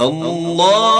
الله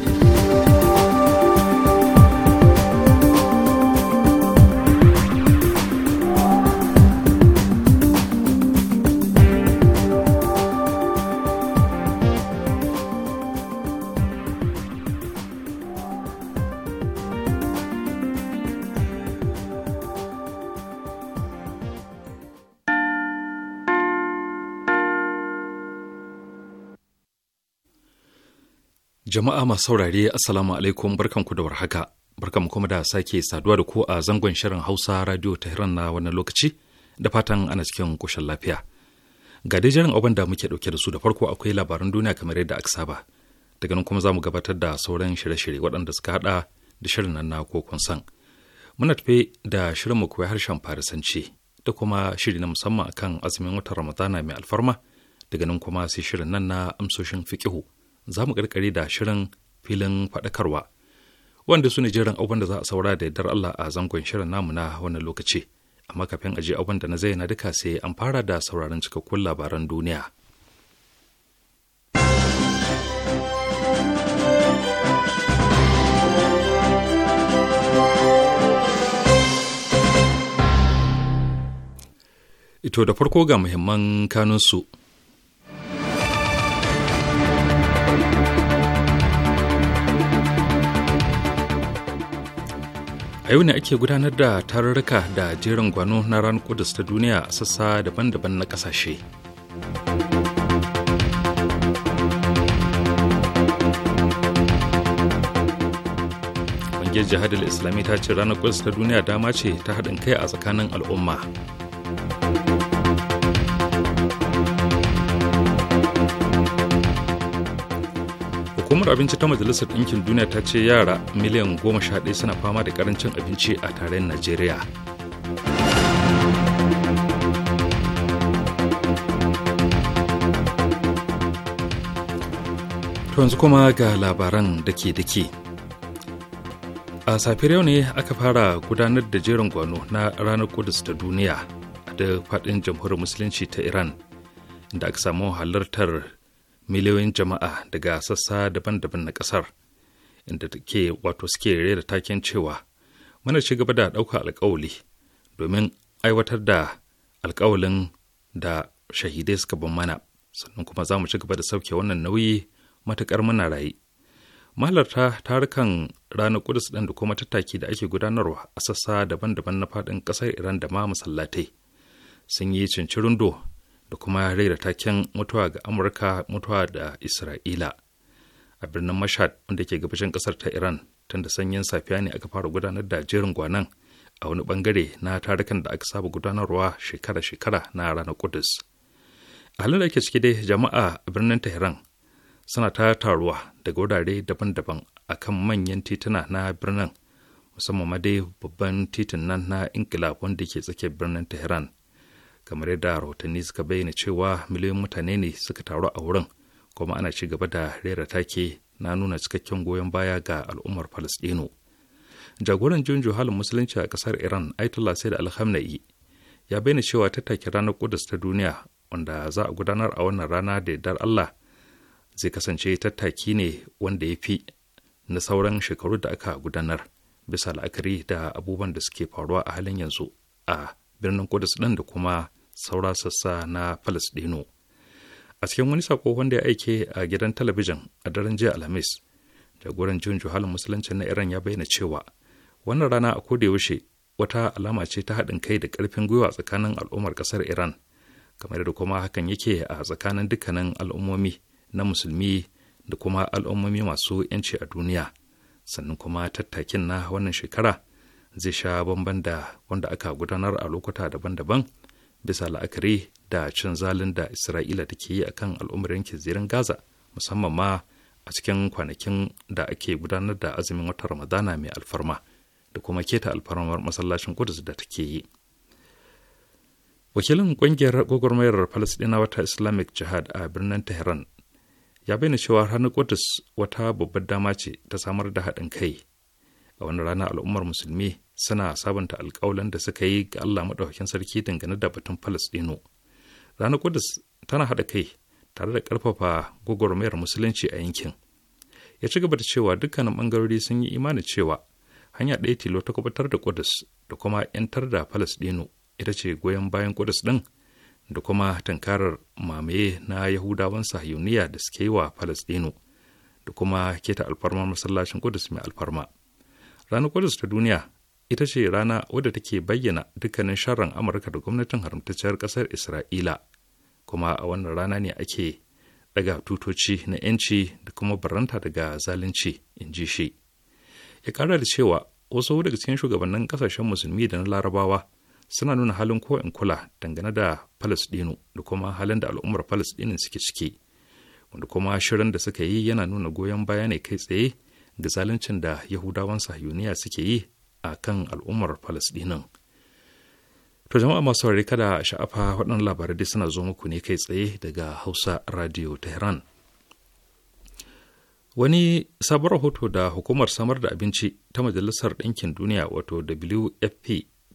Jama'a masu saurare Assalamu alaikum barkanku da warhaka. Barkanmu kuma da sake saduwa da ku a zangon shirin Hausa Radio Tehran na wannan lokaci da fatan ana cikin koshin lafiya. Ga dai jiran abin da muke dauke da su da farko akwai labaran duniya kamar yadda aka saba. Daga nan kuma za mu gabatar da sauran shirye-shirye waɗanda suka haɗa da shirin nan na kokon san. Muna tafe da shirin mu koyi harshen Farisanci da kuma shiri na musamman akan azumin watan Ramadana mai alfarma daga nan kuma sai shirin nan na amsoshin fikihu. za mu karkare da shirin filin faɗakarwa wanda su ne jiran abin da za a saura da yardar Allah a zangon shirin namu na wannan lokaci amma kafin aje abin da na zai na duka sai an fara da sauraron cikakkun labaran duniya Ito da farko ga muhimman kanunsu. a yau ne ake gudanar da tarurruka da jerin gwano na ranar kudus ta duniya a sassa daban-daban na kasashe ƙungiyar jihadar islami ta ce ranar kudus ta duniya dama ce ta haɗin kai a tsakanin al'umma hukumar abinci ta majalisar ɗinkin duniya ta ce yara miliyan goma sha ɗaya suna fama da karancin abinci a tarayyar najeriya to yanzu kuma ga labaran da dake-dake a safiyar yau ne aka fara gudanar da jerin gwano na ranar kudus ta duniya da faɗin jamhuriyar musulunci ta iran da aka samu halartar miliyoyin jama'a daga sassa daban-daban na ƙasar inda take wato suke da taken cewa muna ci gaba da ɗauka alkawali domin aiwatar da alkawalin da shahidai suka bin mana sannan kuma za mu ci gaba da sauke wannan nauyi matuƙar muna raye malarta tarukan ranar kudus ɗin da kuma tattaki da ake gudanarwa a sassa daban-daban na faɗin ƙasar iran da ma masallatai sun yi cincirindo da kuma raira taken mutuwa ga amurka mutuwa da isra'ila a birnin mashad wanda ke gabashin kasar ta iran tunda sanyin safiya ne aka fara gudanar da jerin gwanan a wani bangare na tarukan da aka saba gudanarwa shekara-shekara na ranar kudus a halin da ake ciki dai jama'a a birnin tehran suna ta taruwa daga wurare daban-daban a kan manyan tituna na birnin musamman ma dai babban titin nan na inkilab wanda ke tsakiyar birnin tehran kamar yadda rahotanni suka bayyana cewa miliyoyin mutane ne suka taru a wurin kuma ana ci gaba da rera take na nuna cikakken goyon baya ga al'ummar falastino jagoran junju halin musulunci a kasar iran sai da alhamna'i ya bayyana cewa tattake ranar kudus ta duniya wanda za a gudanar a wannan rana da dar allah zai kasance tattaki ne wanda ya fi na sauran shekaru da aka gudanar bisa la'akari da abubuwan da suke faruwa a halin yanzu a birnin Kudus ɗin da kuma saura sassa na Falasɗinu. A cikin wani sako wanda ya aike a gidan talabijin a daren jiya Alhamis, jagoran jin juhalin musulunci na Iran ya bayyana cewa wannan rana a yaushe wata alama ce ta haɗin kai da ƙarfin gwiwa tsakanin al'ummar ƙasar Iran, kamar da kuma hakan yake a tsakanin dukkanin al'ummomi na musulmi da kuma al'ummomi masu 'yanci a duniya. Sannan kuma tattakin na wannan shekara zai sha bamban da wanda aka gudanar a lokuta daban-daban bisa la'akari da cin zalin da isra'ila take yi akan al'ummar al'umarin zirin gaza musamman ma a cikin kwanakin da ake gudanar da azumin watan ramadana mai alfarma da kuma keta alfarmar masallacin kudus da take yi wakilin kungiyar gwagwarmayar falasdina wata islamic jihad a birnin tehran ya bayyana cewa ranar kudus wata babbar dama ce ta samar da haɗin kai a wani rana al'ummar musulmi suna sabunta alkawalan da suka yi ga Allah maɗaukakin sarki dangane da batun Falasɗinu. Ranar Kudus tana haɗa kai tare da ƙarfafa gwagwarmayar musulunci a yankin. Ya ci gaba da cewa dukkanin ɓangarori sun yi imani cewa hanya ɗaya tilo ta kubutar da Kudus da kuma 'yantar da Falasɗinu ita ce goyon bayan Kudus ɗin da kuma tankarar mamaye na Yahudawan Sahiyuniya da suke yi wa Falasɗinu da kuma keta alfarmar masallacin Kudus mai alfarma. ranar Kudus ta duniya ita ce rana wadda take bayyana dukkanin sharran Amurka da gwamnatin haramtacciyar kasar Isra'ila, kuma a wannan rana ne ake daga tutoci na 'yanci da kuma baranta daga zalunci, in ji shi. Ya kara da cewa wasu daga cikin shugabannin kasashen musulmi da na larabawa suna nuna halin ko in kula dangane da Falasɗinu da kuma halin da al'ummar Falasɗinin suke ciki, wanda kuma shirin da suka yi yana nuna goyon baya ne kai tsaye da zaluncin da yahudawan sahiyuniya suke yi a kan al'ummar falasdinin to jama'a masu saurari kada sha'afa waɗannan labarai dai suna zo muku ne kai tsaye daga hausa radio tehran wani sabon rahoto da hukumar samar da abinci ta majalisar ɗinkin duniya wato wfp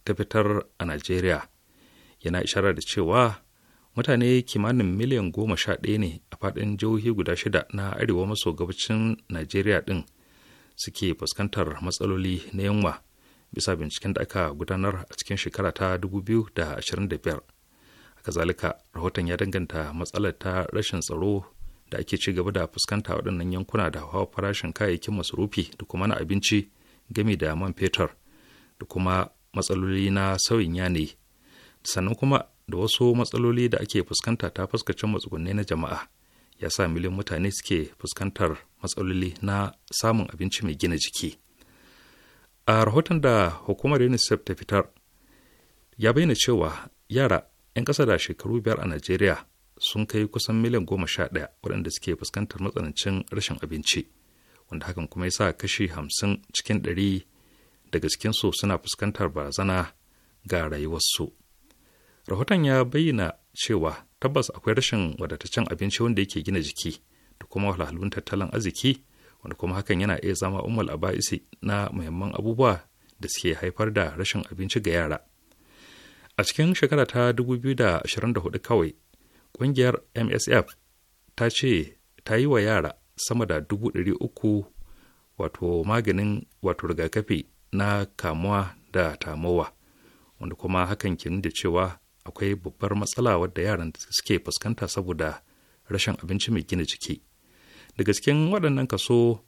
ta fitar a nigeria yana ishara da cewa mutane kimanin miliyan goma sha ɗaya ne a faɗin jihohi guda shida na arewa maso gabacin nigeria ɗin suke fuskantar matsaloli na yunwa bisa binciken da aka gudanar a cikin shekara ta 2025 haka kazalika rahoton ya danganta matsalar ta rashin tsaro da ake ci gaba da fuskanta waɗannan yankuna da hawa farashin kayayyakin masarufi da kuma na abinci gami da man fetur da kuma matsaloli na sauyin yanayi sannan kuma da wasu matsaloli da ake fuskanta ta fuskacin matsugunne na jama'a ya sa miliyan mutane suke fuskantar matsaloli na samun abinci mai gina jiki a rahoton da hukumar unicef ta fitar ya bayyana cewa yara 'yan ƙasa da shekaru biyar a najeriya sun kai kusan miliyan goma sha ɗaya waɗanda suke fuskantar matsanancin rashin abinci wanda hakan kuma ya sa kashi hamsin cikin ɗari daga cikinsu suna fuskantar barazana ga rayuwarsu rahoton ya bayyana cewa tabbas akwai rashin wadataccen abinci wanda yake gina jiki da kuma wahalhalun tattalin arziki wanda kuma hakan yana iya zama umar aba'isi na muhimman abubuwa da suke haifar da rashin abinci ga yara a cikin shekara ta 2024 kawai ƙungiyar msf ta ce ta yi wa yara sama da 300 wato maganin wato rigakafi na kamuwa da tamowa wanda kuma hakan ke da cewa akwai babbar matsala wadda yaran suke fuskanta saboda rashin abinci mai gina jiki daga cikin waɗannan kaso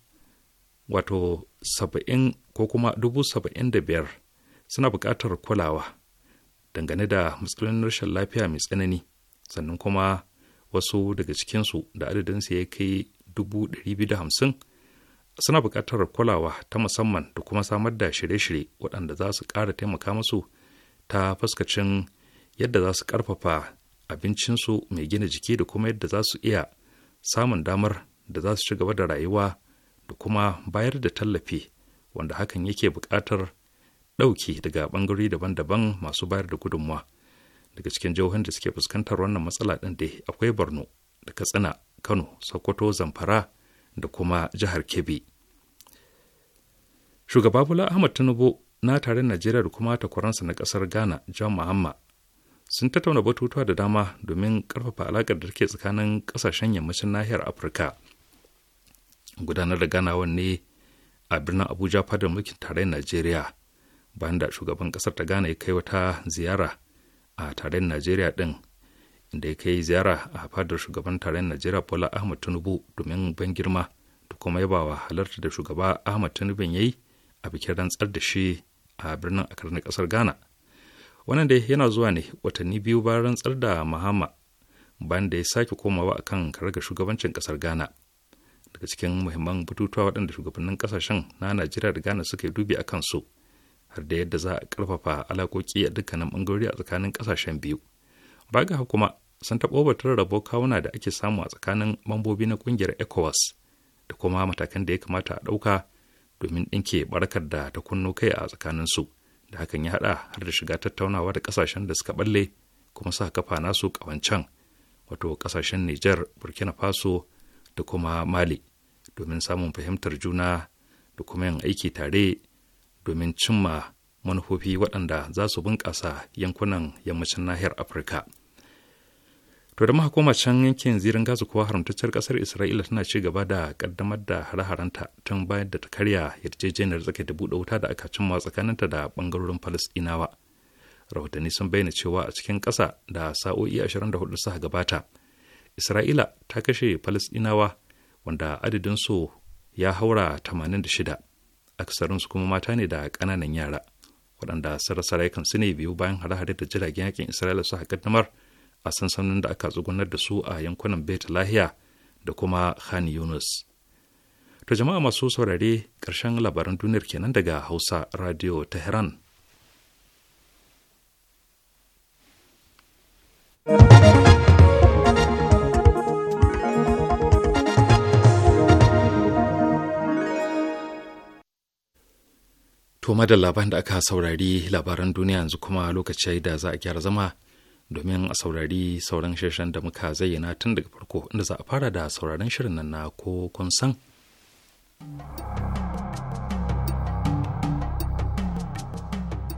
wato saba'in ko kuma dubu saba'in da biyar suna buƙatar kulawa dangane da matsalolin rashin lafiya mai tsanani sannan kuma wasu daga cikinsu da adadinsu ya kai dubu ɗari biyu da hamsin suna buƙatar kulawa ta musamman da kuma samar da shirye-shirye waɗanda za su ƙara taimaka musu ta fuskacin yadda za su ƙarfafa abincinsu mai gina jiki da kuma yadda za su iya samun damar da za su ci gaba da rayuwa da kuma bayar da tallafi wanda hakan yake buƙatar ɗauki daga ɓangare daban-daban masu bayar da gudunmuwa daga cikin jihohin da suke fuskantar wannan matsala ɗin dai akwai borno da katsina kano sokoto zamfara da kuma jihar kebbi shugaba bola ahmad tinubu na tare najeriya da kuma takwaransa na ƙasar ghana john mahama sun tattauna batutuwa da dama domin ƙarfafa alaƙar da take tsakanin ƙasashen yammacin nahiyar afirka gudanar da ganawan ne a birnin abuja fadar mulkin tarayyar najeriya bayan da shugaban kasar ta gane kai wata ziyara a tarayyar najeriya din inda ya kai ziyara a fadar shugaban tarayyar najeriya bola ahmad tinubu domin ban girma da kuma yabawa halarta da shugaba ahmad tinubu ya yi a bikin rantsar da shi a birnin akar na kasar ghana wannan da yana zuwa ne watanni biyu bayan rantsar da mahama bayan da ya sake komawa akan karar shugabancin kasar ghana daga cikin muhimman batutuwa waɗanda shugabannin ƙasashen na najeriya da ghana suka yi dubi a kansu har da yadda za a ƙarfafa alaƙoƙi a dukkanin ɓangarori a tsakanin ƙasashen biyu ba ga kuma sun taɓo batun rabo kawuna da ake samu a tsakanin mambobi na ƙungiyar ecowas da kuma matakan da ya kamata a ɗauka domin ɗinke barkar da ta kunno kai a tsakanin su da hakan ya haɗa har da shiga tattaunawa da ƙasashen da suka ɓalle kuma sa kafa nasu ƙawancen wato ƙasashen niger burkina faso da kuma mali domin samun fahimtar juna da kuma yin aiki tare domin cimma manufofi waɗanda za su bunƙasa yankunan yammacin nahiyar afirka to da mahakoma can yankin zirin gazu kowa haramtacciyar ƙasar isra'ila tana ci gaba da ƙaddamar da hare-harenta tun bayan da ta karya yarjejeniyar tsakai da buɗe wuta da aka cimma tsakaninta da ɓangarorin falasɗinawa rahotanni sun bayyana cewa a cikin ƙasa da sa'o'i 24 suka gabata isra'ila ta kashe falasɗinawa wanda adadinsu ya haura tamanin da 86 aksarinsu kuma mata ne da ƙananan yara waɗanda yakan su ne biyu bayan hare-hare da jiragen yakin isra'ila su kaddamar a sansanin da aka tsugunar da su a yankunan bet lahiya da kuma khan yunus to jama'a masu saurare ƙarshen labaran duniyar kenan daga hausa radio tehran To madalla da aka saurari labaran duniya yanzu kuma lokaci da za a gyara zama domin a saurari sauran shirin da muka zayyana tun daga farko inda za a fara da sauraron shirin nan na ko kun san.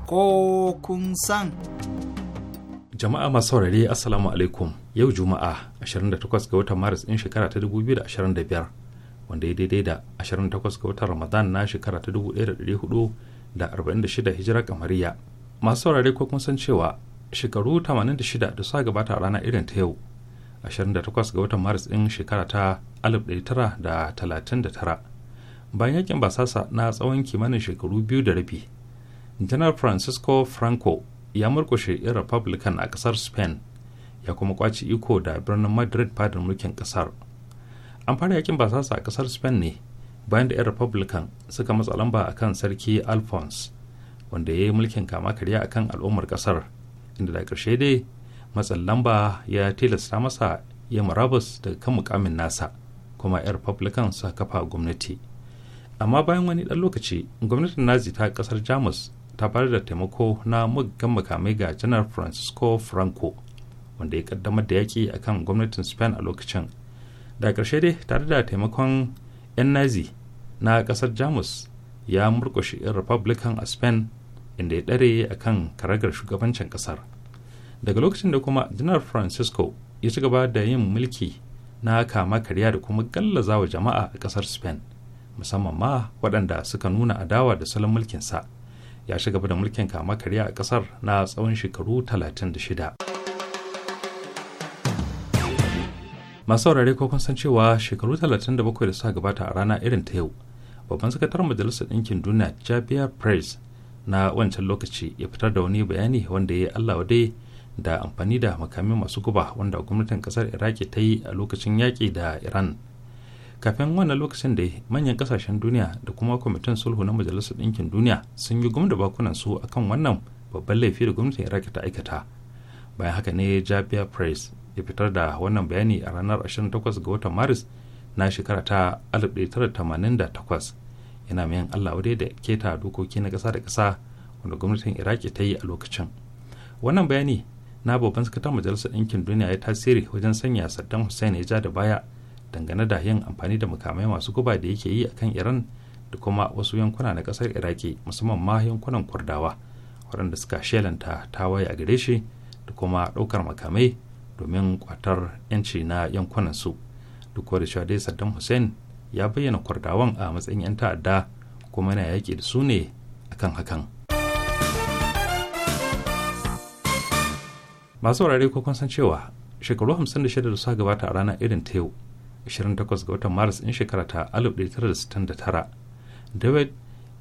Ko kun san. Jama'a masu saurari Assalamu alaikum yau Juma'a 28 ga watan Maris ɗin shekara ta 2025 wanda ya daidai da 28 ga watan Ramadan na shekara ta 1400 da 46 hijira kamariya masu saurare ko kun san cewa shekaru 86 da suka gabata rana irin ta yau 28 ga watan maris din shekara ta 1939 bayan yakin basasa na tsawon kimanin shekaru biyu da rabi janar francisco franco ya murkushe 'yan republican a kasar spain ya kuma kwaci iko da birnin madrid fadar mulkin kasar an fara yakin basasa a kasar spain ne bayan da 'yan republican suka matsa lamba a kan sarki alphonse wanda ya yi mulkin kama karya a kan al'ummar kasar inda da karshe dai matsin lamba ya tilasta masa ya marabus daga kan mukamin nasa kuma 'yan republican suka kafa gwamnati amma bayan wani ɗan lokaci gwamnatin nazi ta kasar jamus ta bayar da taimako na muggan makamai ga janar francisco franco wanda ya kaddamar da yaƙi kan gwamnatin spain a lokacin da karshe dai tare da taimakon 'yan nazi na kasar jamus ya murkushe 'yan republican a spain inda ya ɗare a kan karagar shugabancin kasar. daga lokacin da kuma janar francisco ya ci gaba da yin mulki na kama karya da kuma gallaza wa jama'a a kasar spain musamman ma waɗanda suka nuna adawa da salon mulkinsa ya ci gaba da mulkin kama karya a kasar na tsawon shekaru 36 masu saurare ko kun san cewa shekaru talatin da bakwai da suka gabata a rana irin ta yau babban sakataren majalisar ɗinkin duniya jabiya price na wancan lokaci ya fitar da wani bayani wanda ya yi allah dai da amfani da makamai masu guba wanda gwamnatin kasar iraki ta yi a lokacin yaƙi da iran kafin wannan lokacin da manyan kasashen duniya da kuma kwamitin sulhu na majalisar ɗinkin duniya sun yi gwamnati bakunan su akan wannan babban laifi da gwamnatin iraki ta aikata bayan haka ne jabiya price ya fitar da wannan bayani a ranar 28 ga watan maris na shekara ta 1988 yana mayan allah wadai da keta dokoki na kasa da kasa wanda gwamnatin iraki ta yi a lokacin wannan bayani na babban sakatar majalisar ɗinkin duniya ya tasiri wajen sanya saddam hussein ya ja da baya dangane da yin amfani da mukamai masu guba da yake yi akan iran da kuma wasu yankuna na kasar iraki musamman ma yankunan kurdawa waɗanda suka shelanta tawaye a gare shi da kuma ɗaukar makamai domin kwatar 'yanci na yankunan su duk wadda cewa dai saddam hussein ya bayyana kwardawan a matsayin 'yan ta'adda kuma na yaƙi da su ne akan hakan masu wurare ko kun san cewa shekaru 56 da suka gabata a ranar irin ta yau 28 ga watan maris in shekara ta 1969 david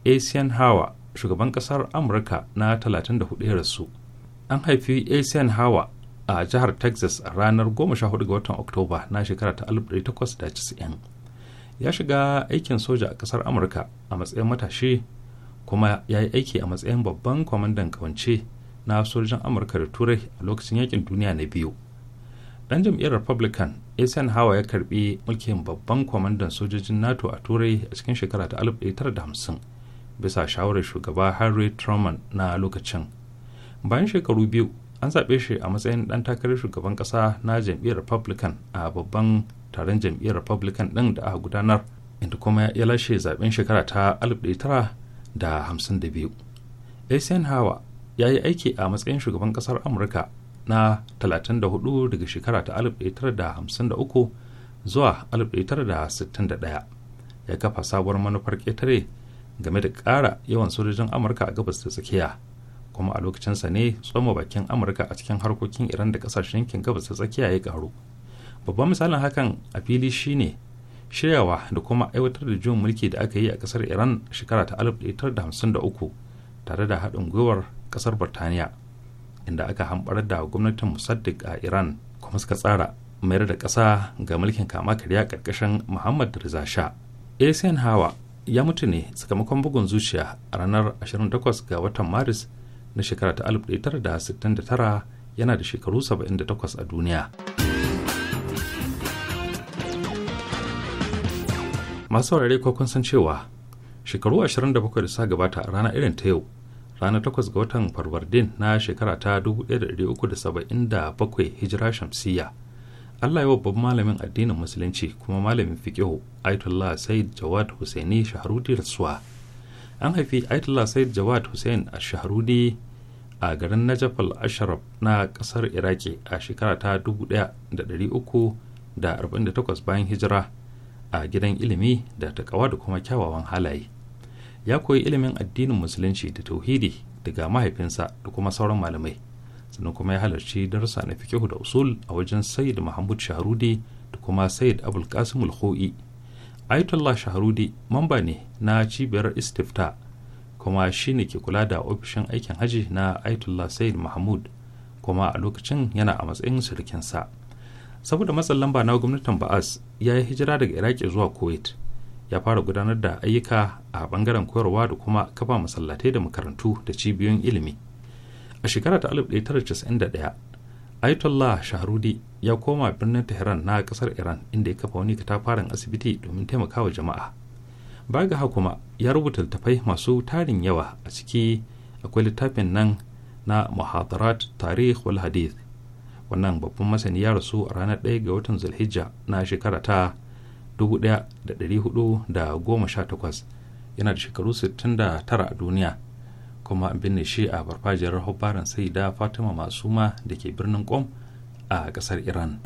asian hawa shugaban kasar amurka na 34 ya rasu an haifi asian hawa a jihar texas a ranar 14 ga watan oktoba na shekara ta 1890 ya shiga aikin soja a kasar amurka a matsayin matashi kuma ya yi aiki a matsayin babban kwamandan kawance na sojojin amurka da turai a lokacin yakin duniya na biyu dan jam'iyyar republican asian hawa ya karbi mulkin babban kwamandan sojojin nato a turai a cikin shekara ta 1950 bisa shawarar shugaba harry truman na lokacin bayan shekaru biyu an zaɓe shi a matsayin ɗan takarar shugaban ƙasa na jam'iyyar republican a babban taron jam'iyyar republican ɗin da aka gudanar inda kuma ya lashe zaben shekara ta 1952 eisenhower ya yi aiki a matsayin shugaban ƙasar amurka na 34 daga shekara ta 1953 zuwa 1961 ya kafa sabuwar manufar ƙetare game da ƙara yawan sojojin amurka a gabas da tsakiya kuma a lokacinsa ne tsoma bakin amurka a cikin harkokin iran da ƙasashen yankin gabas da tsakiya ya ƙaru babban misalin hakan a fili shine shiryawa da kuma aiwatar da juyin mulki da aka yi a kasar iran shekara ta 1953 tare da haɗin gwiwar kasar birtaniya inda aka hamɓarar da gwamnatin musaddiq a iran kuma suka tsara mayar da ƙasa ga mulkin kama karya ƙarƙashin muhammad rizasha. sha hawa ya mutu ne sakamakon bugun zuciya a ranar 28 ga watan maris na shekara ta 1969 yana da shekaru 78 a duniya. masu saurare ko kun san cewa shekaru 27 da suka gabata a rana irin ta yau ranar 8 ga watan farwardin na shekara ta 1377 hijira shamsiyya Allah yawa babban malamin addinin musulunci kuma malamin fiqihu Aitullah Said Jawad Hussaini Shahrudi rasuwa an haifi Aitullah Said Jawad Hussein a Shahrudi a garin Najaf al na kasar Iraki a shekara ta 1348 bayan hijira a gidan ilimi da takawa da kuma kyawawan halaye ya koyi ilimin addinin musulunci da tauhidi daga mahaifinsa da kuma sauran malamai sannan kuma ya halarci darussa na fikihu da usul a wajen sayyid mahmud shahrudi da kuma sayyid abul qasim al-khoi ayatollah shahrudi mamba ne na cibiyar istifta kuma shi ne ke kula da ofishin aikin haji na ayatollah sayyid mahmud kuma a lokacin yana a matsayin surukinsa saboda matsin lamba na gwamnatin ba'as ya yi hijira daga iraki zuwa kuwait ya fara gudanar da ayyuka a bangaren koyarwa da kuma kafa masallatai da makarantu da cibiyoyin ilimi a shekara ta 1991 ayatollah shahrudi ya koma birnin tehran na kasar iran inda ya kafa wani katafaren asibiti domin taimakawa jama'a baya ga kuma ya rubuta littattafai masu tarin yawa a ciki akwai littafin nan na muhadarat tarih wal hadith wannan babban masani ya rasu a ranar 1 ga watan zulhijja na shekara ta 1418 yana da shekaru 69 a duniya kuma an binne shi a farfajiyar hobbaran sai da fatima masu ma da ke birnin qom a kasar iran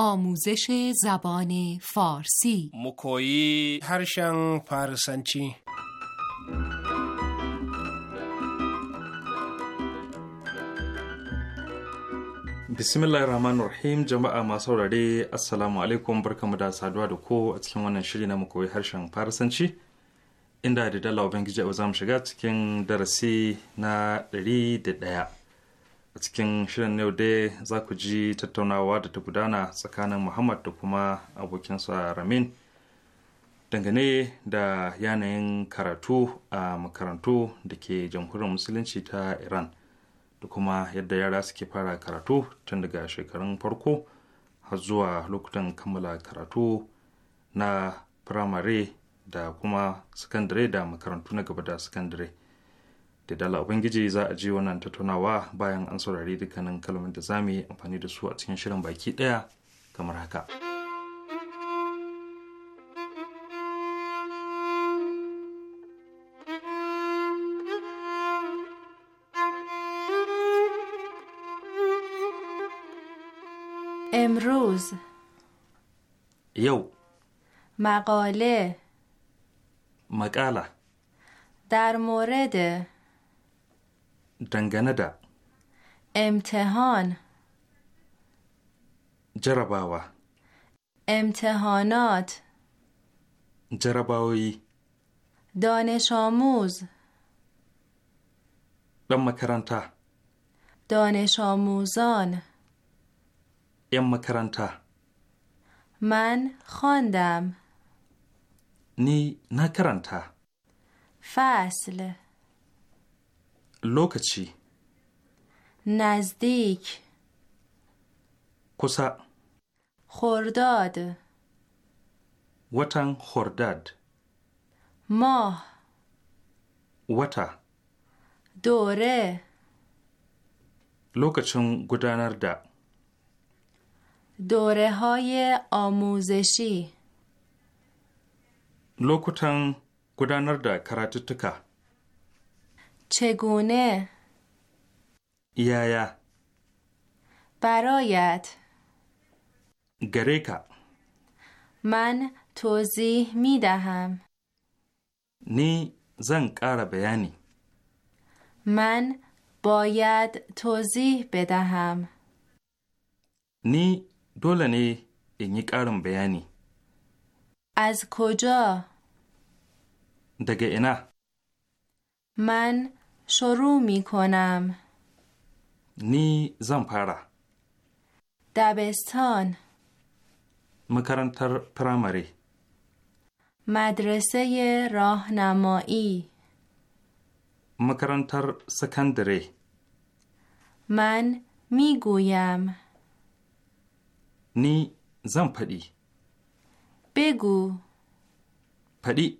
آموزش زبان فارسی harshen هرشن فارسنچی bismillah rahman rahim jama'a masu saurare assalamu alaikum barkamu da saduwa da ko a cikin wannan shiri na koyi harshen farisanci inda da dala ubangiji za mu shiga cikin darasi na ɗari da ɗaya. cikin shirin yau dai za ku ji tattaunawa da ta gudana tsakanin muhammad da kuma abokinsa ramin dangane da yanayin karatu a makarantu da ke jamhuriyar musulunci ta iran da kuma yadda yara suke fara karatu tun daga shekarun farko har zuwa lokutan kammala karatu na firamare da kuma sakandare da makarantu na gaba da sakandare da dala ubangiji za a ji wannan tattaunawa bayan an saurari dukkanin kalmar da zamu yi amfani da su a cikin shirin baki ɗaya kamar haka. امروز یو مقاله مقاله در مورد dangane امتحان جرباوه امتحانات جرباوی دانش آموز دم مکرانتا دانش آموزان من خواندم نی نکرانتا فصل lokaci nazdik kusa hordad watan hordad ma wata dore lokacin gudanar da dore amuzeshi lokutan gudanar da karatuttuka. چگونه یا. برایت گریکا من توضیح می دهم نی زنگ کار بیانی من باید توضیح بدهم نی دولنی نی in بیانی. بیانی. از کجا؟ دگه اینا. من شروع می کنم نی زمپارا دبستان مکرانتر پرامری مدرسه راهنمایی مکرانتر سکندری من گویم نی زم پدی بگو پدی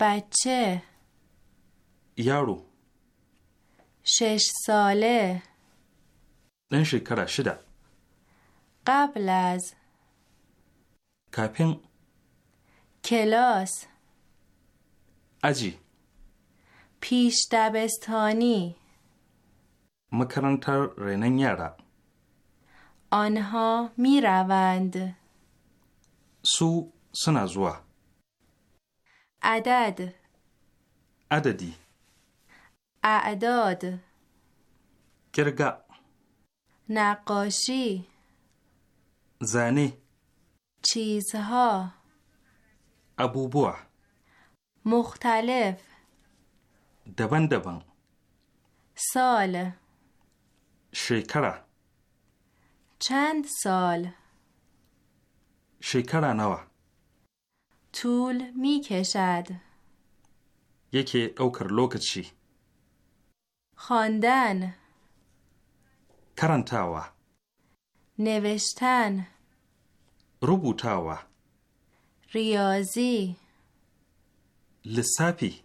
بچه یارو شش ساله ɗan کرا شده قبل از کپین کلاس اجی پیش دبستانی مکرانتر رنن یارا آنها می روند سو سنازوا عدد عددی اعداد کرگا نقاشی زنی چیزها ابوبوع مختلف دبن دبن سال شکره چند سال شکره نوا طول می کشد یکی اوکر لوکچی خواندن کرانتاوا نوشتن روبوتاوا ریاضی لسپی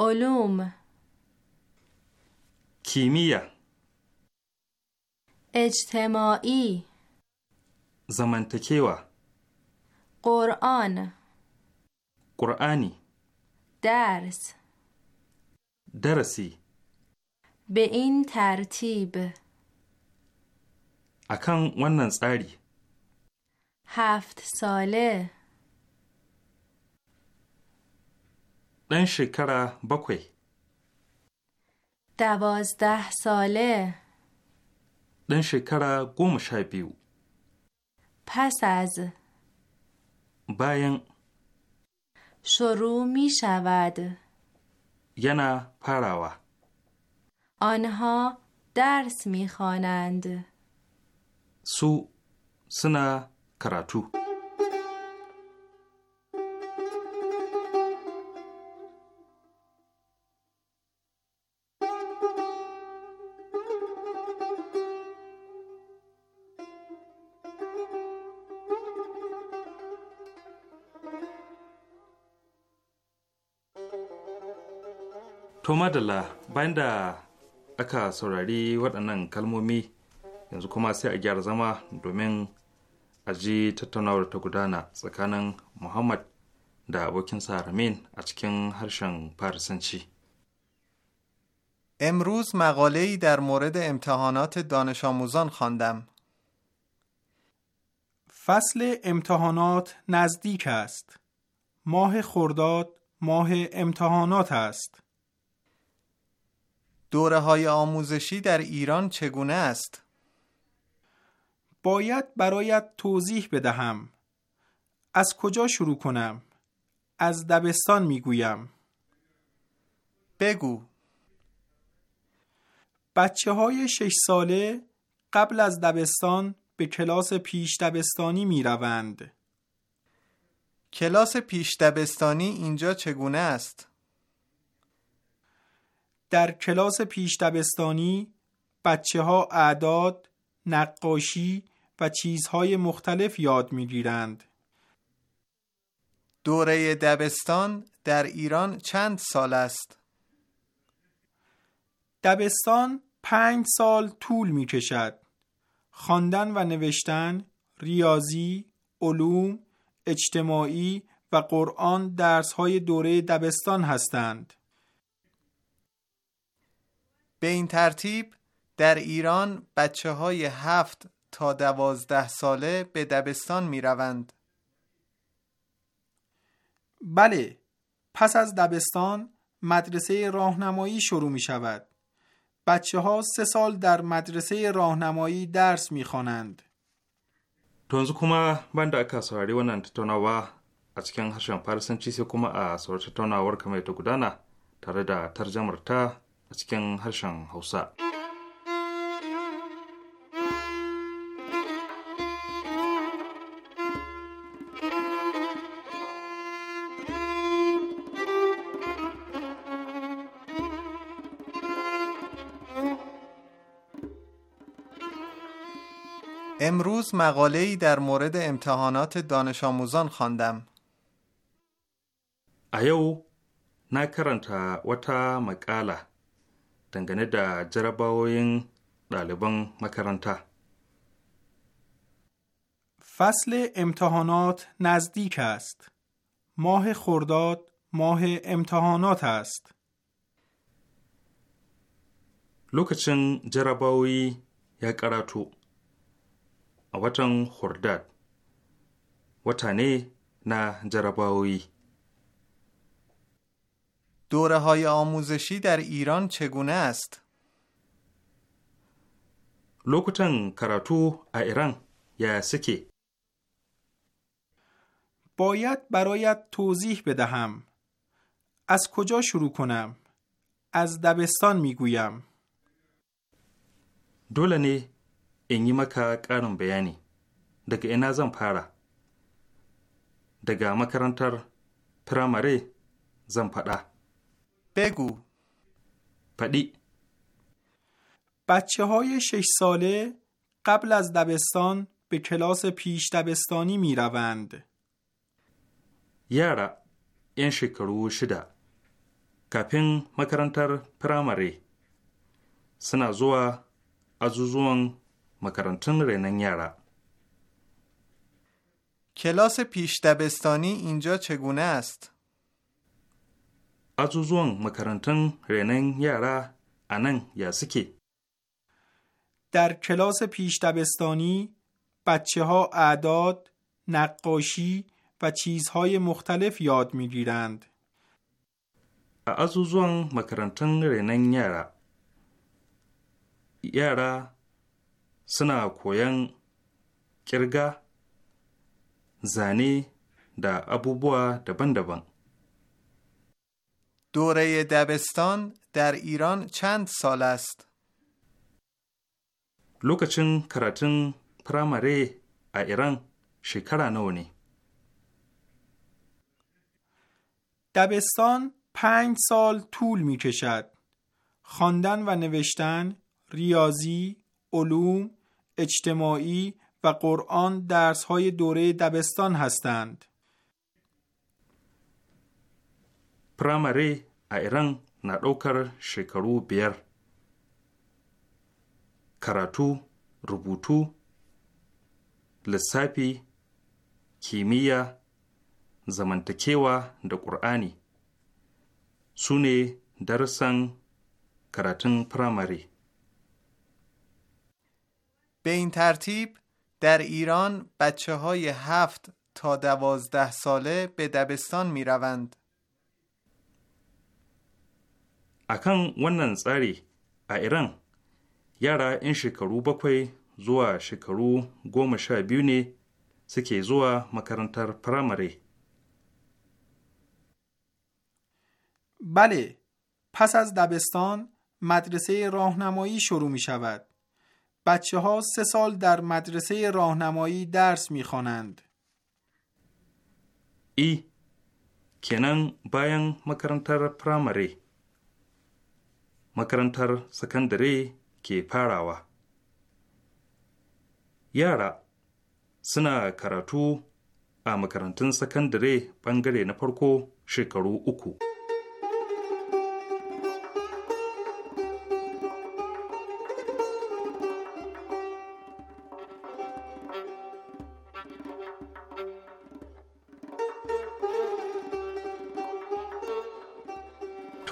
علوم کیمیا اجتماعی زمانتکیوا قرآن قرآنی درس درسی به این ترتیب اکان ونن تساری هفت ساله دن شکر بکوی دوازده ساله دن شکر گوم شایبیو پس از باین شروع می شود ینا پراوا آنها درس خوانند. سو سنا کراتو To madalla bayan da aka saurari waɗannan kalmomi yanzu kuma sai a gyara zama domin a ji tattaunawar ta gudana tsakanin Muhammad da abokinsa Ramin a cikin harshen Farisanci. امروز مقاله ای در مورد امتحانات دانش آموزان خواندم. فصل امتحانات نزدیک است. ماه خرداد ماه امتحانات است. دوره های آموزشی در ایران چگونه است؟ باید برایت توضیح بدهم. از کجا شروع کنم؟ از دبستان میگویم. بگو. بچه های شش ساله قبل از دبستان به کلاس پیش دبستانی می روند. کلاس پیش دبستانی اینجا چگونه است؟ در کلاس پیش دبستانی بچه ها اعداد، نقاشی و چیزهای مختلف یاد میگیرند. دوره دبستان در ایران چند سال است؟ دبستان پنج سال طول می کشد. خواندن و نوشتن، ریاضی، علوم، اجتماعی و قرآن درس دوره دبستان هستند. به این ترتیب در ایران بچه های هفت تا دوازده ساله به دبستان می روند. بله، پس از دبستان مدرسه راهنمایی شروع می شود. بچه ها سه سال در مدرسه راهنمایی درس می خوانند. تونزو کما بند اکاسواری و ننتتونوا از کن هشان پرسن چیسی کما از ورشتونوا ورکمه تو گدانا تره در ترجمه a cikin harshen امروز در مورد امتحانات دانش آموزان خواندم. ایو نا و تا مقاله؟ dangane da jarabawoyin ɗaliban makaranta. فصل امتحانات نزدیک است. ماه خرداد ماه امتحانات است. لوکچن جرباوی یا کراتو a watan Hordad, wata ne na jarabawoyi. دوره های آموزشی در ایران چگونه است؟ لوکتن کراتو ایران یا سکی باید برایت توضیح بدهم از کجا شروع کنم؟ از دبستان میگویم گویم ne in yi maka قرم بیانی daga ina zan fara daga بگو پدی بچه های شش ساله قبل از دبستان به کلاس پیش دبستانی می روند. یارا این شکرو شده کپین مکرانتر پرامری. سنا ازوزوان مکرانتن رنن یارا کلاس پیش دبستانی اینجا چگونه است؟ azuzuwan makarantun renon yara a nan ya suke در کلاس پیش دبستانی بچه ها اعداد، نقاشی و چیزهای مختلف یاد میگیرند. ازوزوان مکرانتن رنن یارا یارا سنا کوین کرگا زانی دا ابوبوا دبن-دبن. دوره دبستان در ایران چند سال است؟ لوکچن کراتن پرامره ایران شکرانونی. دبستان پنج سال طول می کشد. خواندن و نوشتن، ریاضی، علوم، اجتماعی و قرآن درس های دوره دبستان هستند. firamare a Iran na ɗaukar shekaru biyar. Karatu, rubutu, lissafi, kimiyya, zamantakewa da ƙur'ani su ne darussan karatun firamare. به این ترتیب در ایران بچه های هفت تا دوازده ساله به دبستان می روند. a kan wannan tsari a iran yara 'yan shekaru bakwai zuwa shekaru goma sha biyu ne suke zuwa makarantar firamare بله پس از دبستان مدرسه راهنمایی شروع می شود. بچه ها سه سال در مدرسه راهنمایی درس می خوانند. ای کنن باین مکرانتر پرامری makarantar sakandare ke farawa. Yara suna karatu a makarantun sakandare bangare na farko shekaru uku.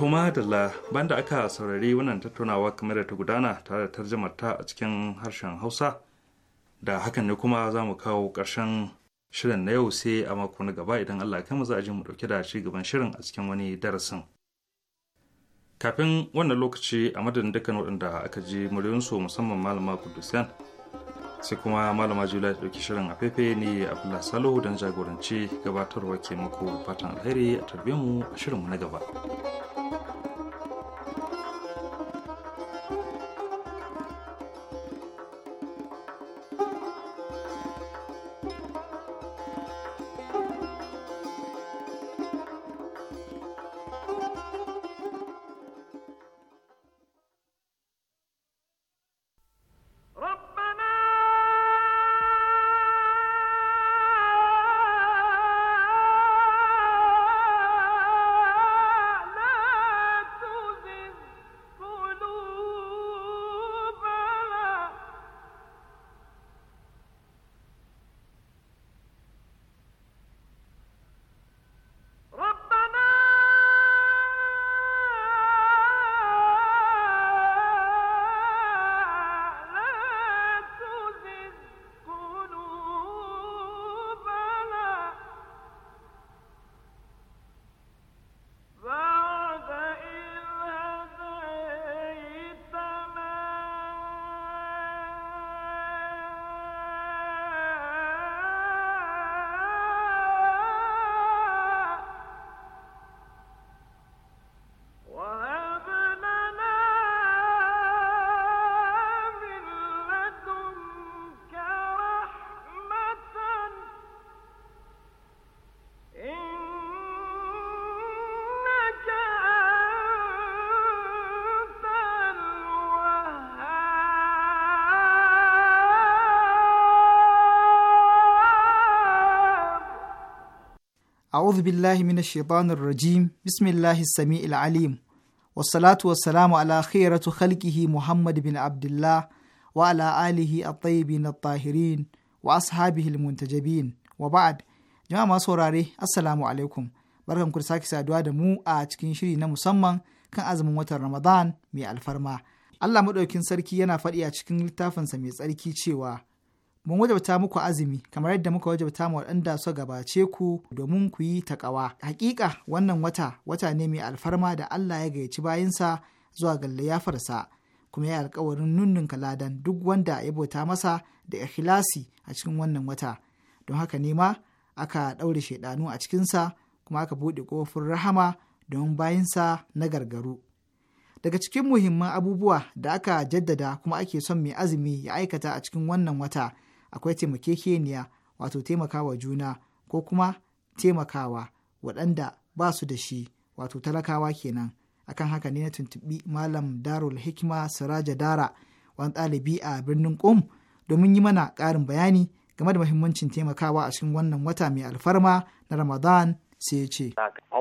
To madalla da aka saurari wannan tattaunawa kamar da ta gudana tare da tarjamarta a cikin harshen Hausa da hakan ne kuma za mu kawo ƙarshen shirin na yau sai a mako na gaba idan Allah ya kama za a ji mu dauke da ci gaban shirin a cikin wani darasin. Kafin wannan lokaci a madadin dukkan waɗanda aka ji muryoyinsu musamman malama Kudusiyan sai kuma malama jula ta ɗauki shirin a fefe ni Abdullah Salo don jagoranci gabatarwa ke muku fatan alheri a tarbe mu a mu na gaba. أعوذ بالله من الشيطان الرجيم بسم الله السميع العليم والصلاة والسلام على خيرة خلقه محمد بن عبد الله وعلى آله الطيبين الطاهرين وأصحابه المنتجبين وبعد jama'a masu saurare assalamu alaikum barkan ku da sake saduwa da mu a cikin shiri na musamman kan azumin watan ramadan mai alfarma allah maɗaukin sarki yana faɗi a cikin littafinsa mai tsarki cewa mun wajabta muku azumi kamar yadda muka wajabta mu waɗanda su gabace ku domin ku yi taƙawa hakika wannan wata wata ne mai alfarma da Allah ya gayyaci bayansa zuwa ga liyafarsa kuma ya alkawarin nunnun kaladan duk wanda ya bauta masa da ikhlasi a cikin wannan wata don haka ne ma aka ɗaure shaidanu a cikinsa kuma aka buɗe ƙofofin rahama don bayinsa na gargaru daga cikin muhimman abubuwa da aka jaddada kuma ake son mai azumi ya aikata a cikin wannan wata akwai taimakekeniya wato taimakawa juna ko kuma taimakawa waɗanda ba su da shi wato talakawa kenan akan haka ne na tuntubi malam darul hikima siraja dara wani ɗalibi a birnin ƙum domin yi mana ƙarin bayani game da mahimmancin taimakawa a cikin wannan wata mai alfarma na ramadan sai ya ce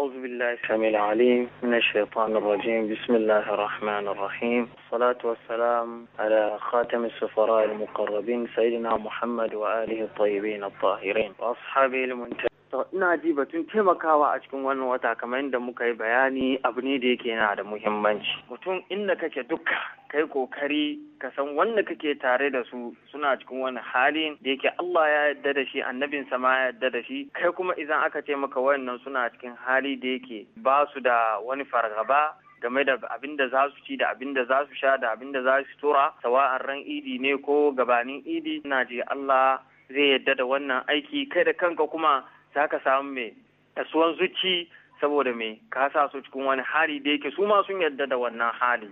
أعوذ بالله السميع العليم من الشيطان الرجيم بسم الله الرحمن الرحيم والصلاة والسلام على خاتم السفراء المقربين سيدنا محمد وآله الطيبين الطاهرين وأصحابه المنتهين ina ji batun taimakawa a cikin wannan wata kamar yadda muka yi bayani abu ne da yake yana da muhimmanci mutum inda kake duka kai kokari ka san wanda kake tare da su suna cikin wani halin da yake Allah ya yarda da shi annabin sama ya yarda da shi kai kuma idan aka taimaka wannan suna cikin hali da yake ba su da wani fargaba game da abin da za su ci da abin da za su sha da abin da za su tura sawa'an ran idi ne ko gabanin idi ina ji Allah zai yadda da wannan aiki kai da kanka kuma za ka samu mai tasuwan zuci saboda mai ka sa su cikin wani hali da yake su ma sun yarda da wannan hali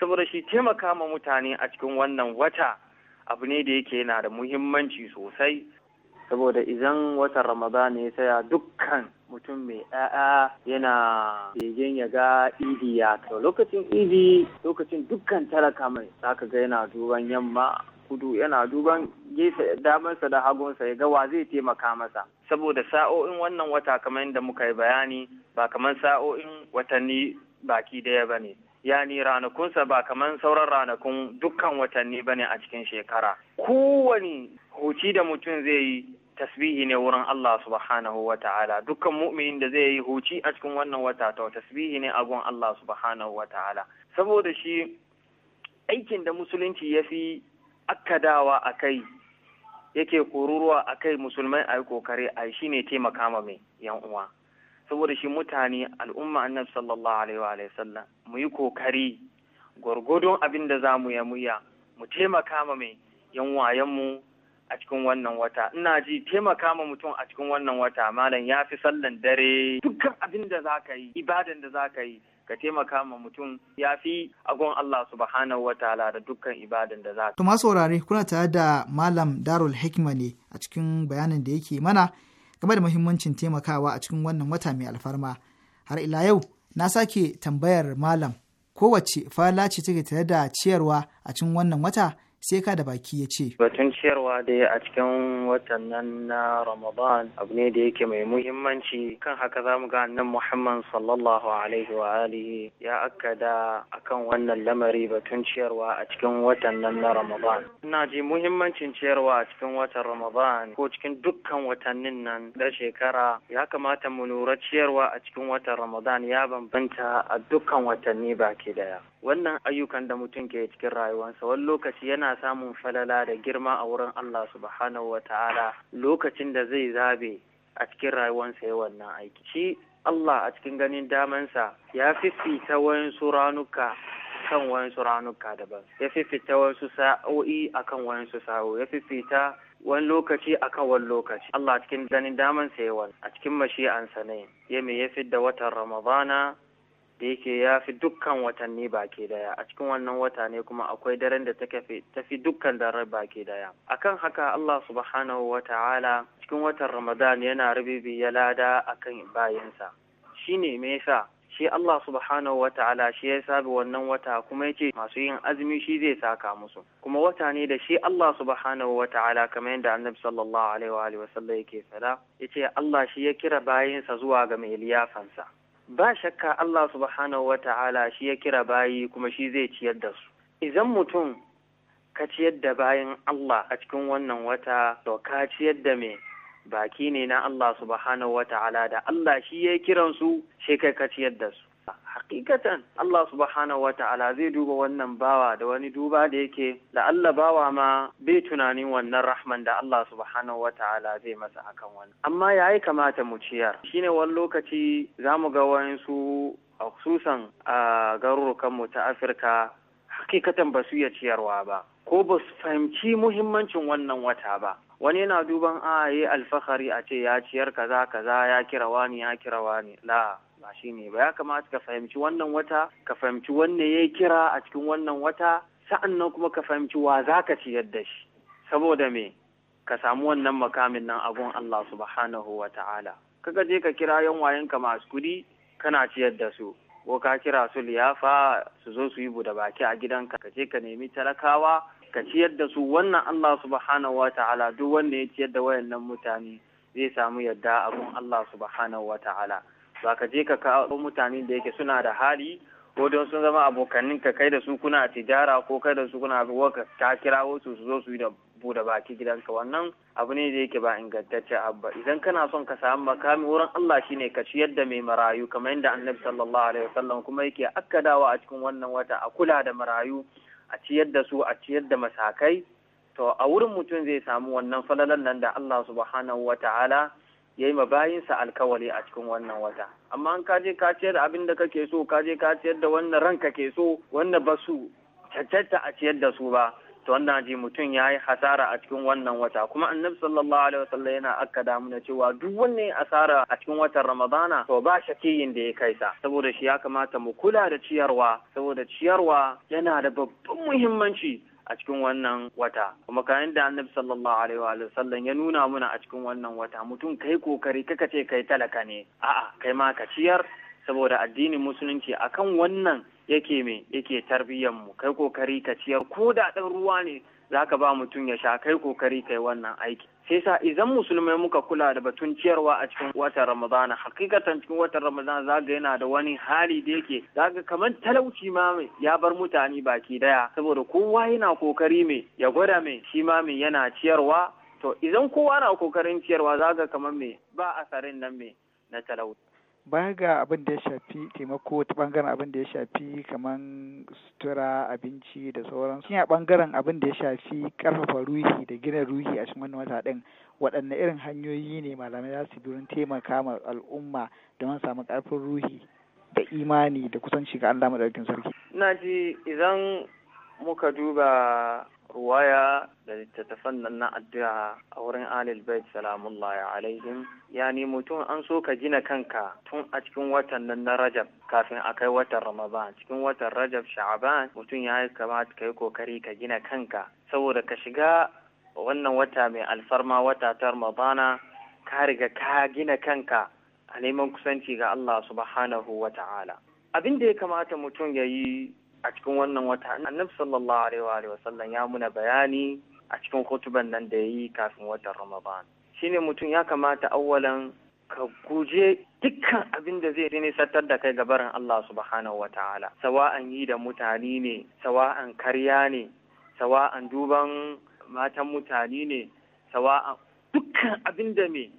saboda shi taimaka ma mutane a cikin wannan wata abu ne da yake yana da muhimmanci sosai saboda idan watan ramadan ya saya dukkan mutum mai ɗaya yana begen ya ga idi ya lokacin idi lokacin dukkan talaka mai zaka ga yana duban yamma kudu yana duban gefe damansa da hagunsa ya ga wa zai taimaka masa saboda sa'o'in wannan wata kamar yadda muka yi bayani ba kamar sa'o'in watanni baki daya ba ne yani ranakunsa ba kamar sauran ranakun dukkan watanni ba ne a cikin shekara kowane huci da mutum zai yi tasbihi ne wurin Allah subhanahu wa ta'ala dukkan mu'minin da zai yi huci a cikin wannan wata to tasbihi ne a gun Allah subhanahu wa ta'ala saboda shi aikin da musulunci ya fi akkadawa a kai yake kururuwa a kai musulmai a yi kokare a shi ne taimaka ma mai yan uwa saboda shi mutane al'umma annabi sallallahu alaihi wa sallam mu yi kokari gwargwadon abin da za mu ya muya mu taimaka ma mai yan wayanmu a cikin wannan wata ina ji taimaka ma mutum a cikin wannan wata malam ya fi sallan dare dukkan abin da za ka yi ibadan da za ka yi ka taimaka ma mutum ya fi agon Allah subhanahu wa ta'ala da dukkan ibadan da za ta. Tuma saurare kuna tare da Malam Darul Hikma ne a cikin bayanin da yake mana game da muhimmancin taimakawa a cikin wannan wata mai alfarma. Har ila yau na sake tambayar Malam kowace fala ce take tare da ciyarwa a cikin wannan wata sai ka da baki ya ce. Batun ciyarwa dai a cikin watan nan na Ramadan abu ne da yake mai muhimmanci kan haka za mu ga annan Muhammad sallallahu alaihi wa alihi ya akkada akan wannan lamari batun ciyarwa a cikin watan nan na Ramadan. Ina ji muhimmancin ciyarwa a cikin watan Ramadan ko cikin dukkan watannin nan da shekara ya kamata mu nura ciyarwa a cikin watan Ramadan ya bambanta a dukkan watanni baki daya. wannan ayyukan da mutum ke cikin rayuwarsa wani lokaci yana samun falala da girma a wurin Allah subhanahu wa ta'ala lokacin da zai zabe a cikin rayuwarsa ya wannan aiki shi Allah a cikin ganin damansa ya fifita su ranuka kan su ranuka daban ya fifita su sa'o'i akan su sa'o'i ya fifita wani lokaci kan wani lokaci Allah cikin ganin damansa ya wani a cikin mashi'ansa ne ya mai ya fidda watan Ramadana da yake ya fi dukkan watanni baki daya a cikin wannan wata ne kuma akwai daren da ta fi dukkan daren baki daya akan haka Allah subhanahu wa ta'ala cikin watan Ramadan yana rubibi ya lada akan Shi ne me yasa shi Allah subhanahu wa ta'ala shi ya sabi wannan wata kuma yace masu yin azumi shi zai saka musu kuma wata ne da shi Allah subhanahu wa ta'ala kamar yadda Annabi sallallahu alaihi wa alihi wa sallam yake fada yace Allah shi ya kira bayansa zuwa ga mai liyafansa ba shakka Allah subhanahu wa ta'ala shi ya kira bayi kuma shi zai ciyar da su idan mutum ka ciyar da bayan Allah a cikin wannan wata to ka ciyar da me baki ne na Allah subhanahu wa ta'ala da Allah shi ya kiransu su kai ka ciyar da su hakikatan Allah subhanahu wata'ala zai duba wannan bawa da wani duba da yake la'alla bawa ma bai tunanin wannan rahman da Allah subhanahu wata'ala zai masa akan wani amma yayi kamata mu ciyar shine wani lokaci za mu ga wayansu a hususan a garurukan mu ta Afirka hakikatan ba su iya ciyarwa ba ko ba su fahimci muhimmancin wannan wata ba wani yana duban a yi alfahari a ce ya ciyar kaza kaza ya kira wani ya kira wani la ba shi ne ba ya kamata ka fahimci wannan wata ka fahimci wanne ya kira a cikin wannan wata sa'an nan kuma ka fahimci wa za ka ciyar da shi saboda me ka samu wannan makamin nan abun Allah subhanahu wa ta'ala ka je ka kira yan ka masu kudi kana ciyar da su ko ka kira su liyafa su zo su yi buda baki a gidan ka je ka nemi talakawa ka ciyar da su wannan Allah subhanahu wa ta'ala duk wanda ya ciyar da wayannan mutane zai samu yadda abun Allah subhanahu wa ta'ala ba ka je ka kawo mutane da yake suna da hali ko don sun zama abokanin ka kai da su kuna tijara ko kai da su kuna waka ka kira wasu su zo su yi da bude baki gidanka wannan abu ne da yake ba ingantacce abba idan kana son ka samu makami wurin Allah shine ka ciyar da mai marayu kamar yadda annabi sallallahu alaihi wasallam kuma yake akkadawa a cikin wannan wata a kula da marayu a ciyar da su a ciyar da masakai to a wurin mutum zai samu wannan falalan nan da Allah subhanahu wataala ya yi mabayinsa alkawali a cikin wannan wata amma an kaje ka ciyar abin da kake so kaje ka ciyar da wannan ranka ke so wannan ba su cancanta a ciyar da su ba to wannan ji mutum ya yi hasara a cikin wannan wata kuma annabi sallallahu alaihi wasallam yana akkada na cewa duk wanne asara a cikin watan ramadana to ba shakiyin da ya kai sa saboda shi ya kamata mu kula da ciyarwa saboda ciyarwa yana da babban muhimmanci a cikin wannan wata kuma kayan da annabi sallallahu alaihi wa sallam ya nuna muna a cikin wannan wata mutum kai kokari kaka ce kai talaka ne a'a kai ma ka ciyar saboda addinin musulunci akan wannan yake me yake tarbiyyar mu kai kokari ka ciyar ko da ɗan ruwa ne za ka ba mutum ya sha kai kokari kai wannan aiki sai sa idan musulmai muka kula da batun ciyarwa a cikin watan ramadana hakikatan cikin watan ramadana za ga yana da wani hali da yake za ga kamar talauci ma mai ya bar mutane baki daya saboda kowa yana kokari mai ya gwada mai shi ma mai yana ciyarwa to idan kowa na kokarin ciyarwa za ga kamar mai ba asarin nan mai na talauci baya ga abin da ya shafi taimako ta bangaren abin da ya shafi kamar sutura abinci da sauran shi bangaren abin da ya shafi karfafa ruhi da gina ruhi a cikin wata din waɗanne irin hanyoyi ne malamai za su durin taimaka ma al'umma don samu karfin ruhi da imani da kusanci ga Allah madaukakin sarki na ji idan muka duba ruwaya da littattafan nan na addu'a a wurin alil bait salamullahi alaihim yani mutum an so ka gina kanka tun a cikin watan nan na rajab kafin a kai watan ramadan cikin watan rajab sha'aban mutum ya kamata ka yi kokari ka gina kanka saboda ka shiga wannan wata mai alfarma wata ta Ramadan. ka riga ka gina kanka a neman kusanci ga Allah subhanahu wa abin da ya kamata mutum ya yi a cikin wannan wata annabi sallallahu alaihi wa sallam ya muna bayani a cikin hutuban nan da ya yi kafin watan ramadan shine mutum ya kamata awwalan ka guje dukkan abin da zai nisantar da kai gabarin Allah subhanahu wa ta'ala sawa'an yi da mutane ne sawa'an karya ne sawa'an duban matan mutane ne sawa'an dukkan abin da me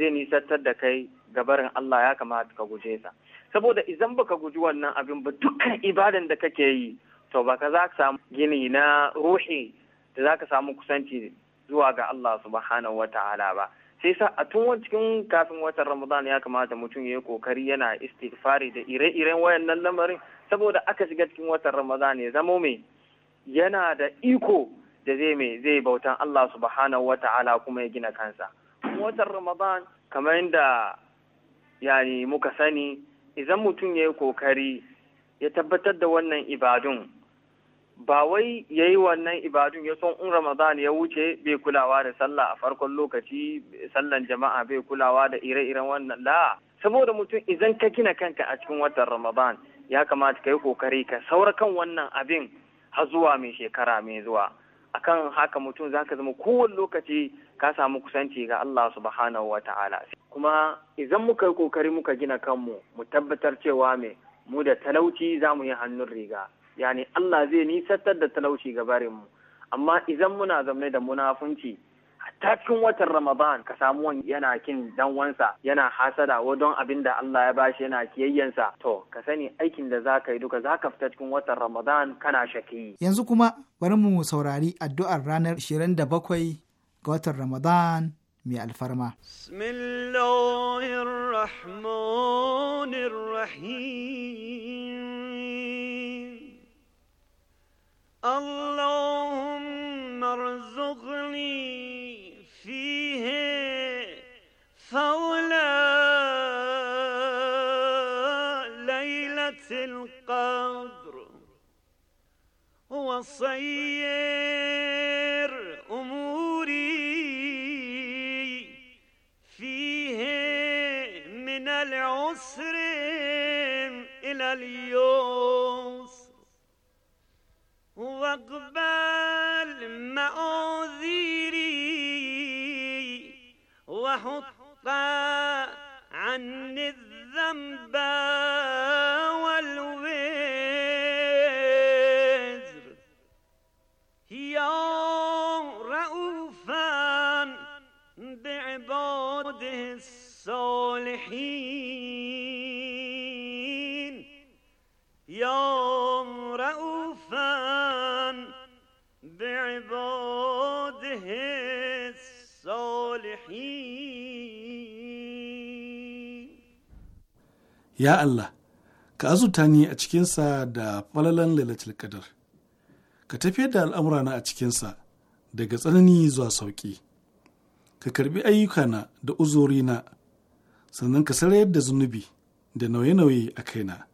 zai nisantar da kai gabarin Allah ya kamata ka guje sa saboda idan baka guji wannan abin ba dukkan ibadan da kake yi to baka za ka samu gini na ruhi da za ka samu kusanci zuwa ga Allah subhanahu wa ta'ala ba sai sa a tun cikin kafin watan Ramadan ya kamata mutum ya yi kokari yana istighfari da ire-iren wayannan lamarin saboda aka shiga cikin watan Ramadan ya zamo mai yana da iko da zai mai zai bautan Allah subhanahu wa ta'ala kuma ya gina kansa watan Ramadan kamar yadda yani muka sani idan mutum ya yi kokari ya tabbatar da wannan ibadun ba wai ya yi wannan ibadun ya son in ramadan ya wuce bai kulawa da sallah a farkon lokaci sallan jama'a bai kulawa da ire-iren wannan la saboda mutum idan ka gina kanka a cikin watan ramadan ya kamata ka yi kokari ka saura kan wannan abin har zuwa mai shekara mai zuwa akan haka mutum zaka zama kowane lokaci ka samu kusanci ga Allah subhanahu wa ta'ala kuma idan muka yi kokari muka gina kanmu mu tabbatar cewa me mu da talauci za mu yi hannun riga yani Allah zai nisantar da talauci ga barinmu amma idan muna zaune da munafunci Takin watan Ramadan ka samu wani yana kin dan wansa yana hasada wa don abin da Allah ya bashi yana kiyayyansa to ka sani aikin da za ka yi duka za ka fita cikin watan Ramadan kana shaki. Yanzu kuma bari mu saurari addu'ar ranar 27 ga watan Ramadan mai alfarma. rahim وصير أموري فيه من العسر إلى اليسر Ya Allah, ka azuta ni a cikinsa da falalan lalacin kadar, Ka tafiyar da al'amurana a cikinsa daga tsanani zuwa sauƙi. Ka karbi ayyukana da uzurina, sannan ka sarayar da zunubi da nauye-nauye a kaina.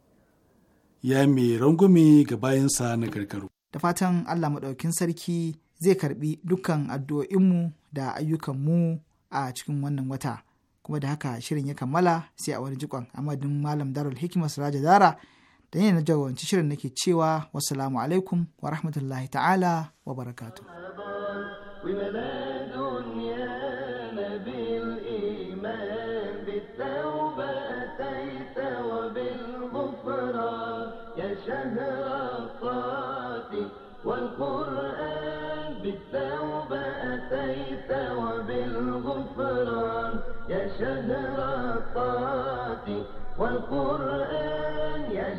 Ya mai rangume ga bayansa na gargaru. Da fatan Allah maɗaukin sarki zai karbi dukkan addu'o'inmu da ayyukanmu a cikin wannan wata. kuma da haka shirin ya kammala sai a wani jikon amadin malam darul hikima siraja dara da ne na jagoranci shirin nake cewa wasu alaikum wa rahmatullahi ta'ala wa barakatuh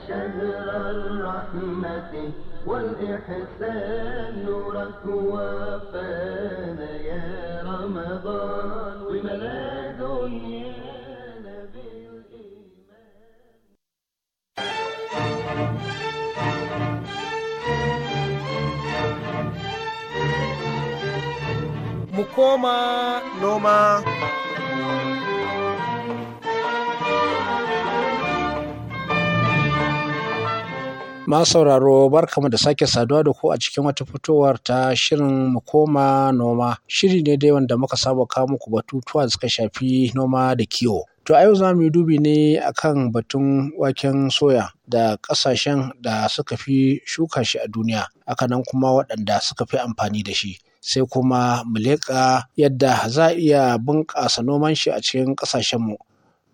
شهر الرحمة والإحسان نورك وفانا يا رمضان وملا دنيانا بالإيمان noma Ma sauraro mu da sake saduwa da ku a cikin wata fitowar ta shirin mu koma noma. Shiri ne dai wanda muka saba kawo muku batutuwa da suka shafi noma da kiwo. To a yau za mu yi dubi ne akan batun waken soya da ƙasashen da suka fi shuka shi a duniya, aka nan kuma waɗanda suka fi amfani da shi. Sai kuma mu leƙa yadda za a iya bunƙasa noman shi a cikin ƙasashenmu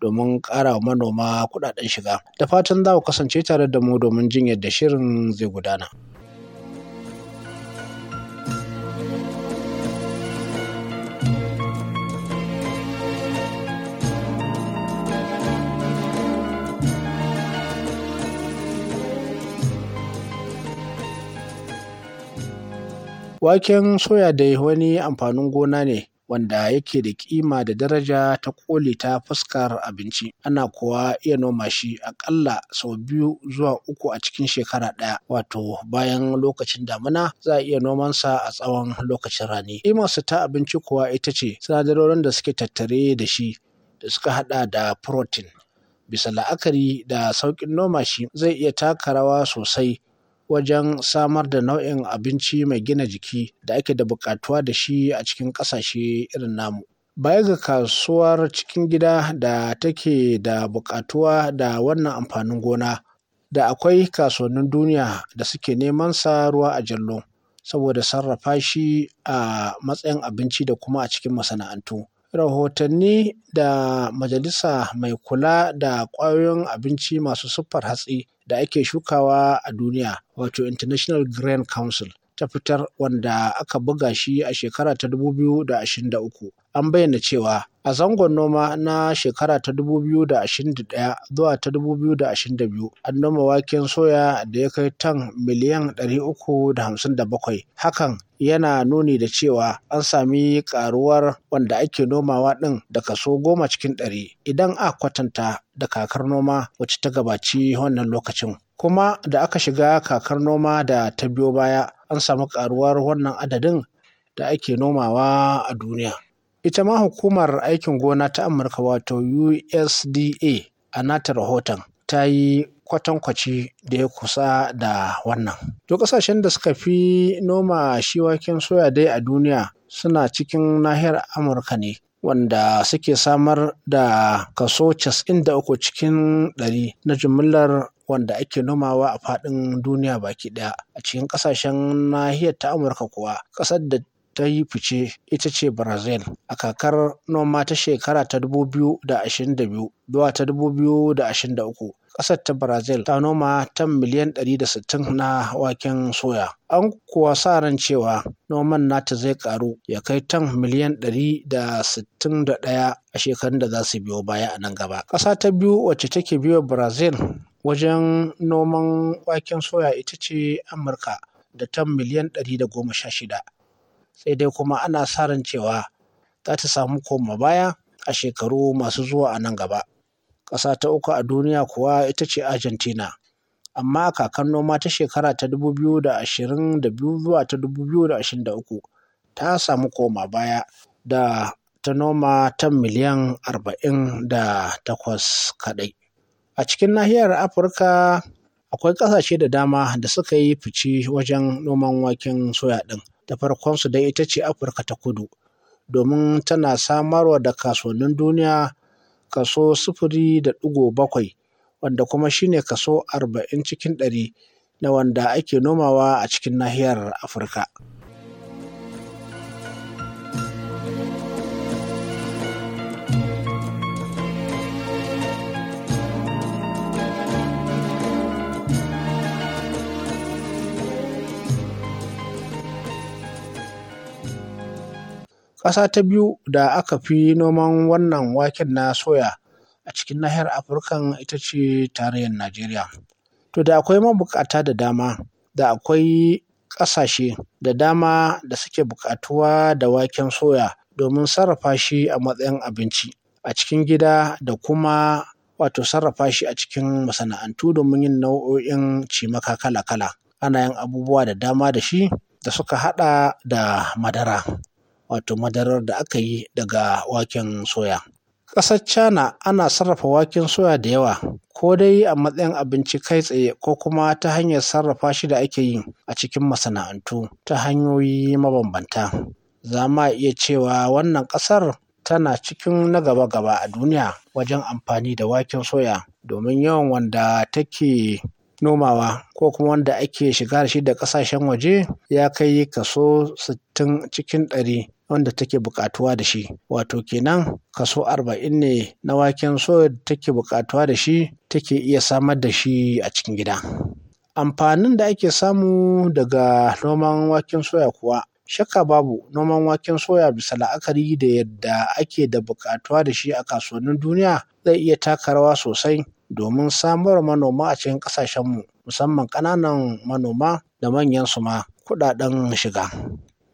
domin ƙara wa manoma kuɗaɗen shiga. Da fatan za ku kasance tare da mu domin jin yadda shirin zai gudana. Waken soya dai wani amfanin gona ne wanda yake da kima da daraja ta koli ta fuskar abinci ana kuwa iya noma shi akalla sau biyu zuwa uku a cikin shekara ɗaya wato bayan lokacin damina za a iya nomansa a tsawon lokacin rani kimarsa ta abinci kuwa ita ce sinadarorin da suke tattare da shi da suka haɗa da protein bisa la'akari da sauƙin noma shi zai iya taka rawa sosai wajen samar da nau'in abinci mai gina jiki da ake da buƙatuwa da shi a cikin ƙasashe irin namu. Baya ga kasuwar cikin gida da take da buƙatuwa da wannan amfanin gona, da akwai kasuwannin duniya da suke neman sa ruwa a jallo saboda sarrafa shi a matsayin abinci da kuma a cikin masana'antu. Rahotanni da majalisa mai kula da ƙwayoyin abinci masu siffar hatsi da ake shukawa a duniya wato International Grain Council ta fitar wanda aka buga shi a shekara ta dubu biyu da da uku, An bayyana cewa a zangon noma na shekara ta 2021 zuwa ta 2022 an noma waken soya da ya kai tan miliyan 357 hakan yana nuni da cewa an sami karuwar wanda ake nomawa ɗin da kaso goma cikin ɗari idan a kwatanta da kakar noma wacce ta gabaci wannan lokacin kuma da aka shiga kakar noma da ta biyo baya an sami karuwar wannan adadin da ake nomawa a duniya Ita ma hukumar aikin gona ta Amurka wato USDA a nata rahoton ta yi kwatankwaci da ya kusa da wannan. To ƙasashen da suka fi noma shi waken soya dai a duniya suna cikin nahiyar Amurka ne. wanda suke samar da kaso 93 cikin 100 na jimillar wanda ake nomawa a faɗin duniya baki ɗaya a cikin ƙasashen nahiyar ta amurka kuwa ƙasar da ta yi fice ita ce Brazil a kakar noma ta shekara ta 2022 zuwa ta 2023. Ƙasar ta Brazil ta noma tan miliyan 160 na waken soya. An kuwa sa ran cewa noman nata zai ƙaru ya kai tan miliyan 161 a shekarun da za su biyo baya a nan gaba. Ƙasa ta biyu wacce take biyo Brazil wajen noman waken soya ita ce Amurka da tan miliyan 116. sai dai kuma ana sa ran cewa za ta samu koma baya a shekaru masu zuwa a nan gaba. Ƙasa ta uku a duniya kuwa ita ce Argentina. Amma kakan noma ta shekara ta 2022 zuwa ta 2023 ta samu koma baya da ta noma ta miliyan arba'in da takwas kaɗai. A cikin nahiyar Afirka akwai ƙasashe da dama da suka yi fice wajen noman waken soya ɗin. da farkonsu dai ita ce Afirka ta kudu, domin tana samarwa da kasuwannin duniya kaso sufuri da ɗigo bakwai, wanda kuma shine kaso arba'in cikin ɗari na wanda ake nomawa a cikin nahiyar Afirka. Ƙasa ta biyu da aka fi noman wannan waken na soya a cikin nahiyar Afirka ita ce tarayyar Najeriya. To da akwai mabukata da dama, da akwai ƙasashe da dama da suke buƙatuwa da waken soya domin sarrafa shi a matsayin abinci a cikin gida da kuma wato sarrafa shi a cikin masana'antu domin yin nau'o'in cimaka kala-kala. Ana yin abubuwa da dama da shi da suka haɗa da madara. wato madarar da aka yi daga waken soya. Ƙasar China ana sarrafa waken soya da yawa ko dai a matsayin abinci kai tsaye ko kuma ta hanyar sarrafa shi da ake yi a cikin masana'antu ta hanyoyi mabambanta. Za ma iya cewa wannan ƙasar tana cikin na gaba-gaba a duniya wajen amfani da waken soya domin yawan wanda take nomawa ko kuma wanda ake shiga da shi da ƙasashen waje ya kai kaso 60 cikin ɗari wanda take bukatuwa da shi wato kenan kaso arba'in ne na waken soya da take buƙatuwa da shi take iya samar da shi a cikin gida amfanin da ake samu daga noman waken soya kuwa shakka babu noman waken soya bisa la'akari da yadda ake da buƙatuwa da shi a kasuwannin duniya zai iya taka rawa sosai domin samar manoma a cikin ƙasashenmu musamman ƙananan manoma da manyan su ma kuɗaɗen shiga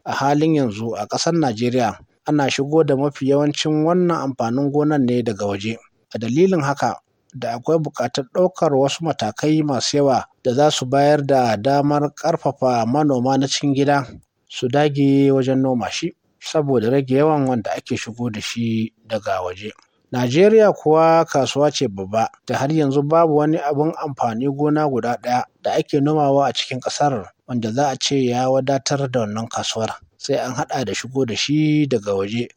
a halin yanzu a ƙasar najeriya ana shigo da mafi yawancin wannan amfanin gonan ne daga waje a dalilin haka da akwai buƙatar ɗaukar wasu matakai masu yawa da za su bayar da damar ƙarfafa manoma na cikin gida su dage wajen noma shi saboda rage yawan wanda ake shigo da shi daga waje. Najeriya kuwa kasuwa ce babba da har yanzu babu wani abin amfani gona guda ɗaya da ake nomawa a cikin ƙasar wanda za a ce ya wadatar da wannan kasuwar sai an haɗa da shigo da shi daga waje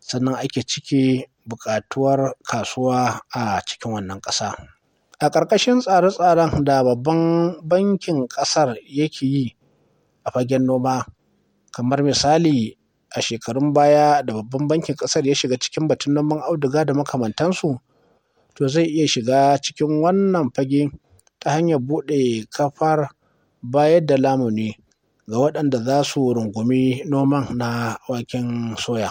sannan ake cike buƙatuwar kasuwa a cikin wannan ƙasa a ƙarƙashin tsare-tsaren da babban bankin ƙasar yake yi a fagen noma kamar misali a shekarun baya da babban bankin ƙasar ya shiga cikin batun noman auduga da makamantansu to zai iya shiga cikin wannan fage ta hanyar buɗe kafar bayar da lamuni ga waɗanda za su rungumi noman na waken soya.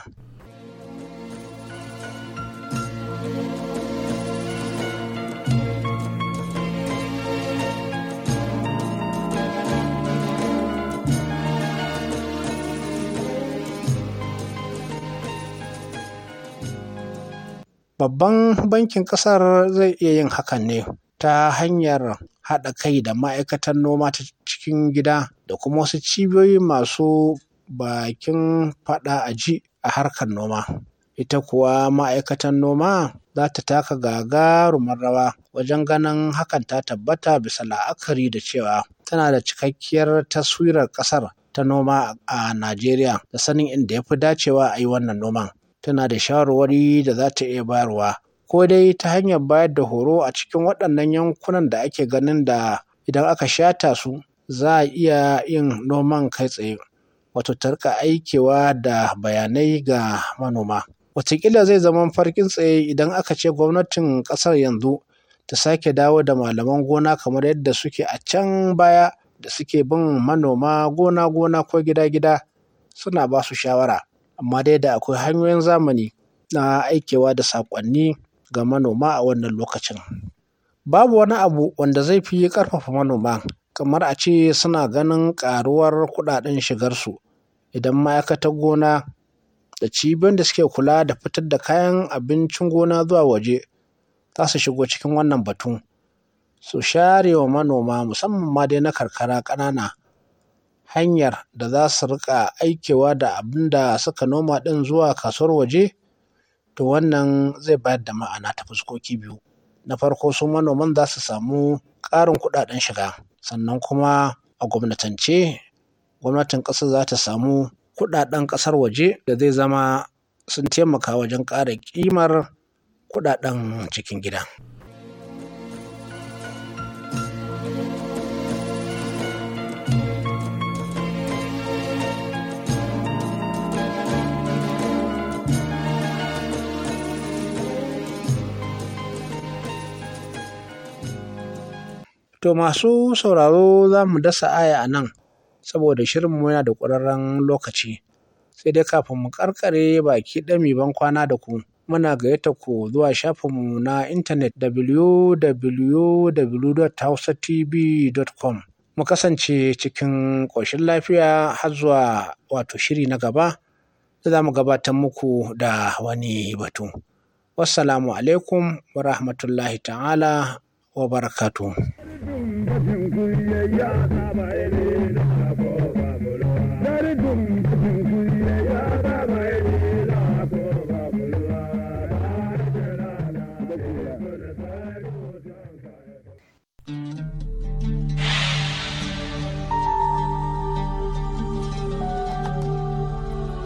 Babban bankin ƙasar zai iya yin hakan ne ta hanyar haɗa kai da ma'aikatan noma ta cikin gida da kuma wasu cibiyoyi masu bakin faɗa a ji a harkar noma. Ita kuwa ma'aikatan noma za ta taka gagarumar rawa wajen ganin hakan ta tabbata bisa la'akari da cewa tana da cikakkiyar taswirar ƙasar ta noma a Najeriya da sanin inda ya fi dacewa a yi wannan noman. Tana da shawarwari da za ta iya bayarwa ko dai ta hanyar bayar da horo a cikin waɗannan yankunan da ake ganin da idan aka shata su za a iya yin noman kai tsaye wato tarka aikewa da bayanai ga manoma Watakila zai zama farkin tsaye idan aka ce gwamnatin ƙasar yanzu ta sake dawo da malaman gona kamar yadda suke a can baya da suke bin manoma gona-gona ko gida-gida suna ba su shawara amma dai da akwai hanyoyin zamani na aikewa da saƙonni ga manoma a wannan lokacin. Babu wani abu wanda zai fi ƙarfafa manoma kamar a ce suna ganin ƙaruwar kuɗaɗen shigarsu idan ma'aikatar gona da cibiyoyin da suke kula da fitar da kayan abincin gona zuwa waje za su shigo cikin wannan batun su share wa manoma musamman ma dai na karkara ƙanana hanyar da za su riƙa aikewa da abin da suka noma ɗin zuwa kasuwar waje to wannan zai bayar da ma'ana ta fuskoki biyu. Na farko su manoman za su samu ƙarin kuɗaɗen shiga sannan kuma a gwamnatance gwamnatin ƙasar za ta samu kuɗaɗen ƙasar waje da zai zama sun taimaka wajen ƙara ƙimar kuɗaɗen cikin gida. To masu sauraro za mu dasa aya a nan, saboda shirinmu yana da ƙwararren lokaci. Sai dai kafin mu karkare baki ɗami ban kwana da ku, muna gayyata ku zuwa shafinmu na intanet www.hausatv.com. Mu kasance cikin ƙoshin lafiya har zuwa wato shiri na gaba, da za mu gabatar muku da wani batu. Wassalamu alaikum wa rahmatullahi ta'ala wa barakatuhu. bashin kuyayya na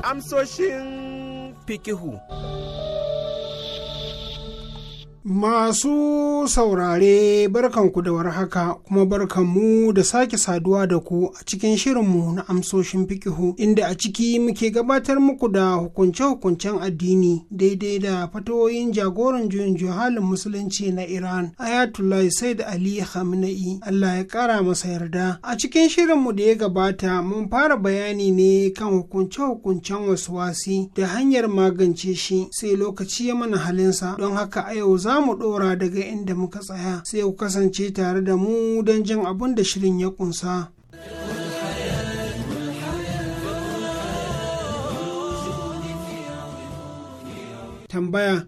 amsoshin fikihu Masu saurare barkanku da warhaka kuma barkanmu da sake saduwa da ku a cikin shirinmu na amsoshin fikihu inda a ciki muke gabatar muku da hukunce-hukuncen addini daidai da fatoyin jagoran juyin juhalin musulunci na Iran Ayatollah Said Ali Khamenei Allah ya kara masa yarda. A cikin shirinmu da ya gabata mun fara bayani ne kan hukunce-hukuncen wasu wasi da hanyar magance shi sai lokaci ya mana halinsa don haka a yau za mu ɗora daga inda muka tsaya sai ku kasance tare da mu don jin abin da shirin ya ƙunsa. Tambaya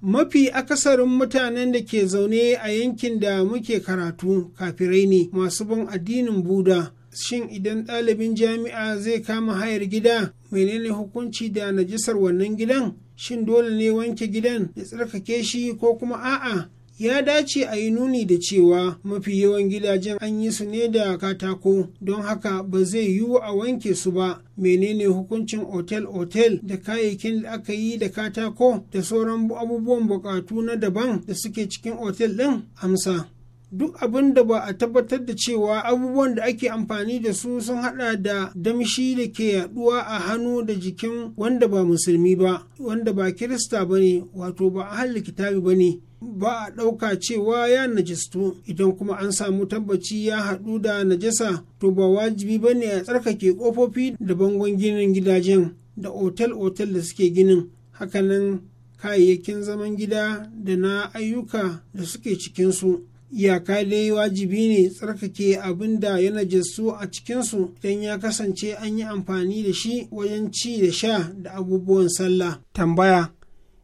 mafi akasarin mutanen da ke zaune a yankin da muke karatu kafirai ne masu bin addinin buda shin idan ɗalibin jami'a zai kama hayar gida menene hukunci da najisar wannan gidan shin dole ne wanke gidan da tsarkake shi ko kuma a'a ya dace a yi nuni da cewa mafi yawan gidajen an yi su ne da katako don haka ba zai yiwu a wanke su ba menene hukuncin otel-otel da kayayyakin da aka yi da katako da sauran abubuwan bukatu na daban da suke cikin otel ɗin amsa duk abin da ba a tabbatar da cewa abubuwan da ake amfani da su sun hada da damshi da ke yaduwa a hannu da jikin wanda ba musulmi ba wanda ba kirista ba ne wato ba a ahalli kitabi ba ne ba a ɗauka cewa ya najistu idan kuma an samu tabbaci ya haɗu da najasa to ba wajibi ba ne a tsarkake ƙofofi da bangon ginin gidajen da otel-otel da suke ginin hakanan kayayyakin zaman gida da na ayyuka da suke cikinsu iyaka dai wajibi ne tsarkake abin da ya najassu a cikinsu don ya kasance an yi amfani da shi wajen ci da sha da abubuwan sallah tambaya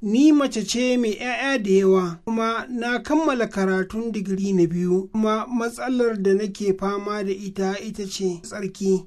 ni mace ce mai 'ya'ya da yawa kuma na kammala karatun digiri na biyu kuma matsalar da nake fama da ita ita ce tsarki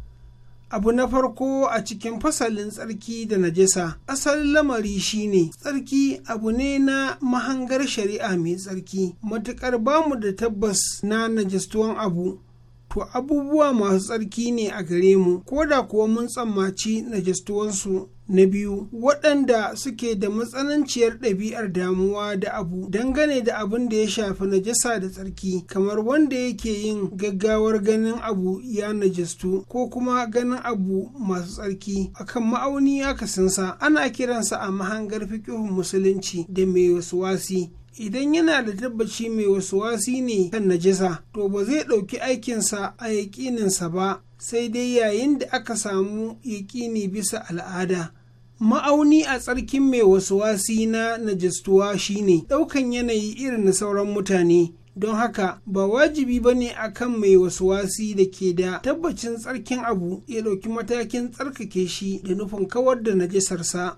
abu na farko a cikin fasalin tsarki da najasa asalin lamari shine tsarki abu ne na mahangar shari'a mai tsarki matukar bamu da tabbas na najistuwan abu to abubuwa masu tsarki ne a gare mu ko da kuwa mun tsammaci najistuwansu na biyu waɗanda suke da matsananciyar ɗabi'ar damuwa da abu dangane da abin da ya shafi najasa da tsarki kamar wanda yake yin gaggawar ganin abu ya najistu ko kuma ganin abu masu tsarki akan ma'auni akasinsa ana kiransa a mahangar fikihun musulunci da mai wasu wasi idan yana da tabbaci mai wasu wasi ne kan najisa to ba zai ɗauki aikinsa a yaƙininsa ba sai dai yayin da aka samu yaƙini bisa al'ada ma'auni a tsarkin mai wasu wasi na najistuwa shine ɗaukan yanayi irin na sauran mutane don haka ba wajibi ba ne a kan mai wasuwasi da ke da tabbacin tsarkin abu ya ɗauki matakin tsarkake shi da nufin kawar da najisarsa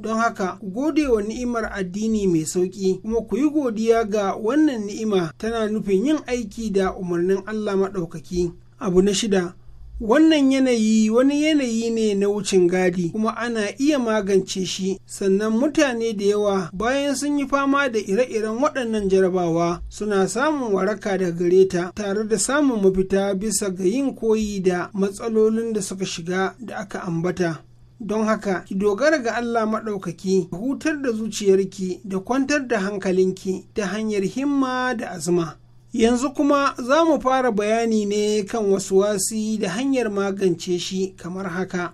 don haka ku gode wa ni'imar addini mai sauƙi kuma ku yi godiya ga wannan ni'ima tana nufin yin aiki da umarnin Allah maɗaukaki abu na shida wannan yanayi wani yanayi ne na wucin gadi kuma ana iya magance shi sannan mutane da yawa bayan sun yi fama da ire-iren waɗannan jarabawa suna samun waraka da gare ta tare da samun mafita bisa ga yin koyi da matsalolin da suka shiga da aka ambata don haka ki dogara ga Allah maɗaukaki hutar da zuciyarki da kwantar da hankalinki ta hanyar himma da azuma yanzu kuma za mu fara bayani ne kan wasu wasi da hanyar magance shi kamar haka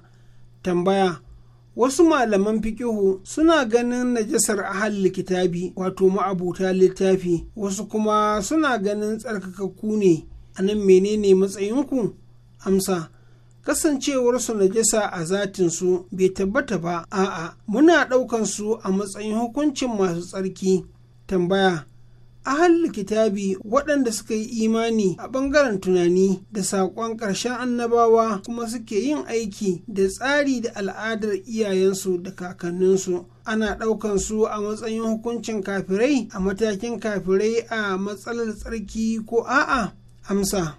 tambaya wasu malaman fikihu suna ganin najasar ahal kitabi wato ma'abuta littafi wasu kuma suna ganin tsarkakakku ne a nan menene matsayinku amsa kasancewarsu najasa a zatinsu bai tabbata ba a'a muna ɗaukan su a matsayin hukuncin masu tsarki tambaya a halin kitabi waɗanda suka yi imani a ɓangaren tunani da saƙon ƙarshen annabawa kuma suke yin aiki da tsari da al'adar iyayensu da kakanninsu ana ɗaukan su a matsayin hukuncin kafirai a matakin kafirai a matsalar tsarki ko a'a amsa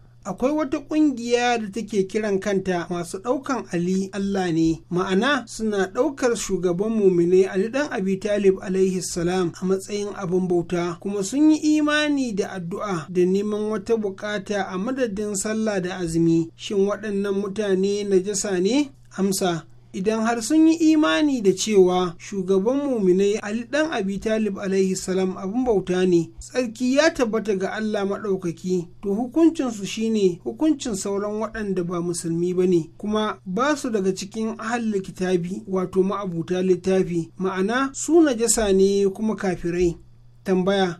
akwai wata ƙungiya da take kiran kanta masu ɗaukan Ali Allah ne ma'ana suna ɗaukar shugaban mumine Ali dan Abi Talib alaihi salam a matsayin abin bauta kuma sun yi imani da addu'a da neman wata bukata a madadin sallah da azumi shin waɗannan mutane najasa ne amsa idan har sun yi imani da cewa shugaban muminai Ali dan Abi Talib alaihi salam abin bauta ne tsarki ya tabbata ga Allah maɗaukaki to hukuncinsu shine hukuncin sauran waɗanda ba musulmi ba ne kuma ba su daga cikin ahalli kitabi wato ma'abuta littafi ma'ana su najasa ne kuma kafirai tambaya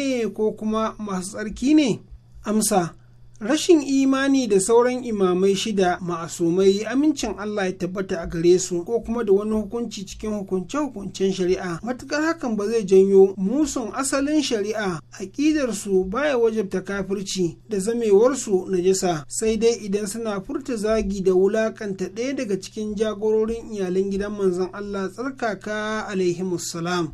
ko kuma masu tsarki ne amsa rashin imani da sauran imamai shida ma'asumai amincin Allah ya tabbata a gare su ko kuma da wani hukunci cikin hukunce-hukuncen shari'a matukar hakan ba zai janyo musun asalin shari'a Aƙidarsu ba baya wajabta kafirci da zamewarsu na jisa. sai dai idan suna furta zagi da wulaƙanta ɗaya daga cikin jagororin iyalan gidan manzon Allah tsarkaka salam.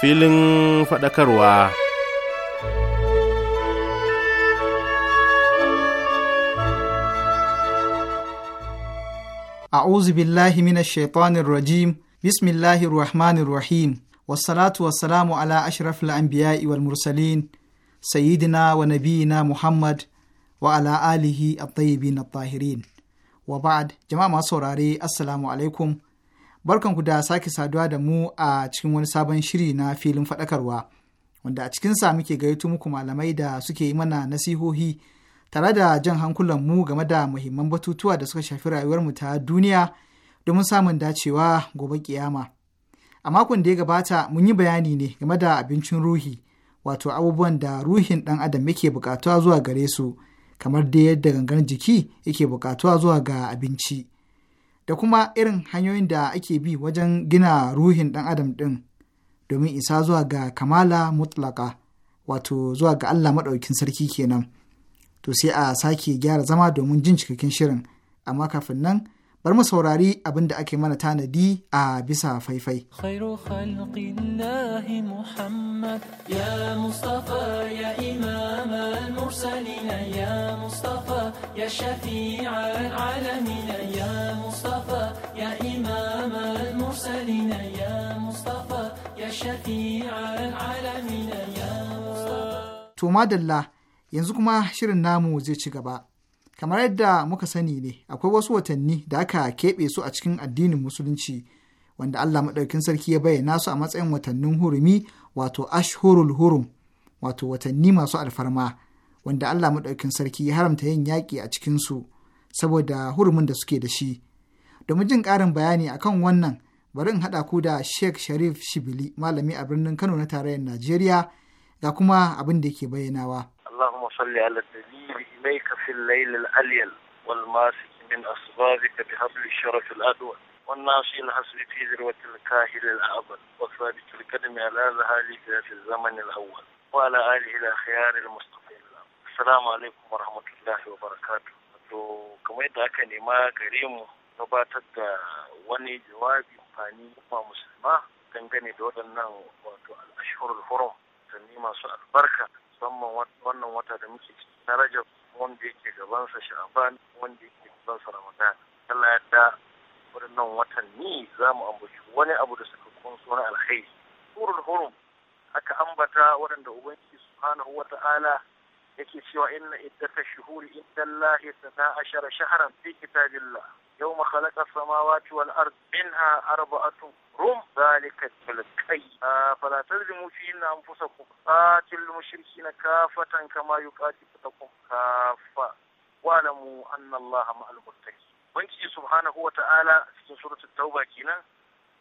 filin faɗakarwa. A'udhu billahi minash shaitanir rajim, bismillahir rahmanir rahim, wassalatu wassalamu ala ashrafil anbiya'i wal mursalin, sayyidina wa nabiyina Muhammad wa ala alihi at-tayyibin at-tahirin. Wa ba'ad jama'a masu saurare, assalamu alaikum. barkanku da sake saduwa da mu a cikin wani sabon shiri na filin faɗakarwa wanda a cikinsa muke gaito muku malamai da suke yi mana nasihohi tare da jan hankulan mu game da muhimman batutuwa da suka shafi mu ta duniya domin samun dacewa gobe kiyama. A makon da ya gabata mun yi bayani ne game da abincin ruhi, wato abubuwan da ruhin ɗan adam yake buƙatuwa zuwa gare su, kamar da yadda gangan jiki yake bukatuwa zuwa ga abinci. da kuma irin hanyoyin da ake bi wajen gina ruhin ɗan adam ɗin domin isa zuwa ga kamala mutlaka wato zuwa ga Allah maɗaukin sarki kenan to sai a sake gyara zama domin jin cikakken shirin amma kafin nan bar mu saurari abin da ake mana tanadi a bisa faifai. Khairu khalqillahi Muhammad ya Mustafa ya imam al-mursalin ya Mustafa ya shafi'al alamin ya Mustafa ya imam al-mursalin ya Mustafa ya shafi'al alamin ya Mustafa. madalla yanzu kuma shirin namu zai ci gaba. kamar yadda muka sani ne akwai wasu watanni da aka keɓe su a cikin addinin musulunci wanda Allah maɗaukin sarki ya bayyana su a matsayin watannin hurumi wato ashhurul hurum wato watanni masu alfarma wanda Allah maɗaukin sarki ya haramta yin yaƙi a cikin su saboda hurumin da suke da shi domin jin ƙarin bayani akan wannan bari in haɗa ku da Sheikh Sharif Shibili malami a birnin Kano na tarayyar Najeriya ga kuma abin da yake bayyanawa. اللهم صل على النبي إليك في الليل الأليل والماسك من أصبابك بحبل الشرف الأدوى والناصي الحسب في ذروة الكاهل الأعظم وثابت القدم على ذهالي في الزمن الأول وعلى آله الأخيار المصطفين السلام عليكم ورحمة الله وبركاته to kamar yadda aka nema gare mu gabatar da wani jawabi amfani kuma musulma dangane da waɗannan wato al'ashurul hurum sanni masu albarka musamman wannan wata da muke ciki na rajab wanda yake gabansa sha'aban wanda yake gabansa ramadan Allah yadda waɗannan watanni za mu ambaci wani abu da suka kunso na alkhairi surul hurum aka ambata waɗanda ubangiji subhanahu wa ta'ala yake cewa inna iddata shuhuri indallahi 12 shahran fi kitabillah يوم خلق السماوات والأرض منها أربعة رم ذلك الكي فلا تظلموا فيهن أنفسكم قاتل المشركين كافة كما يقاتلكم كافة واعلموا أن الله مع المتقين Ubangiji subhanahu wa ta'ala cikin suratul tauba kenan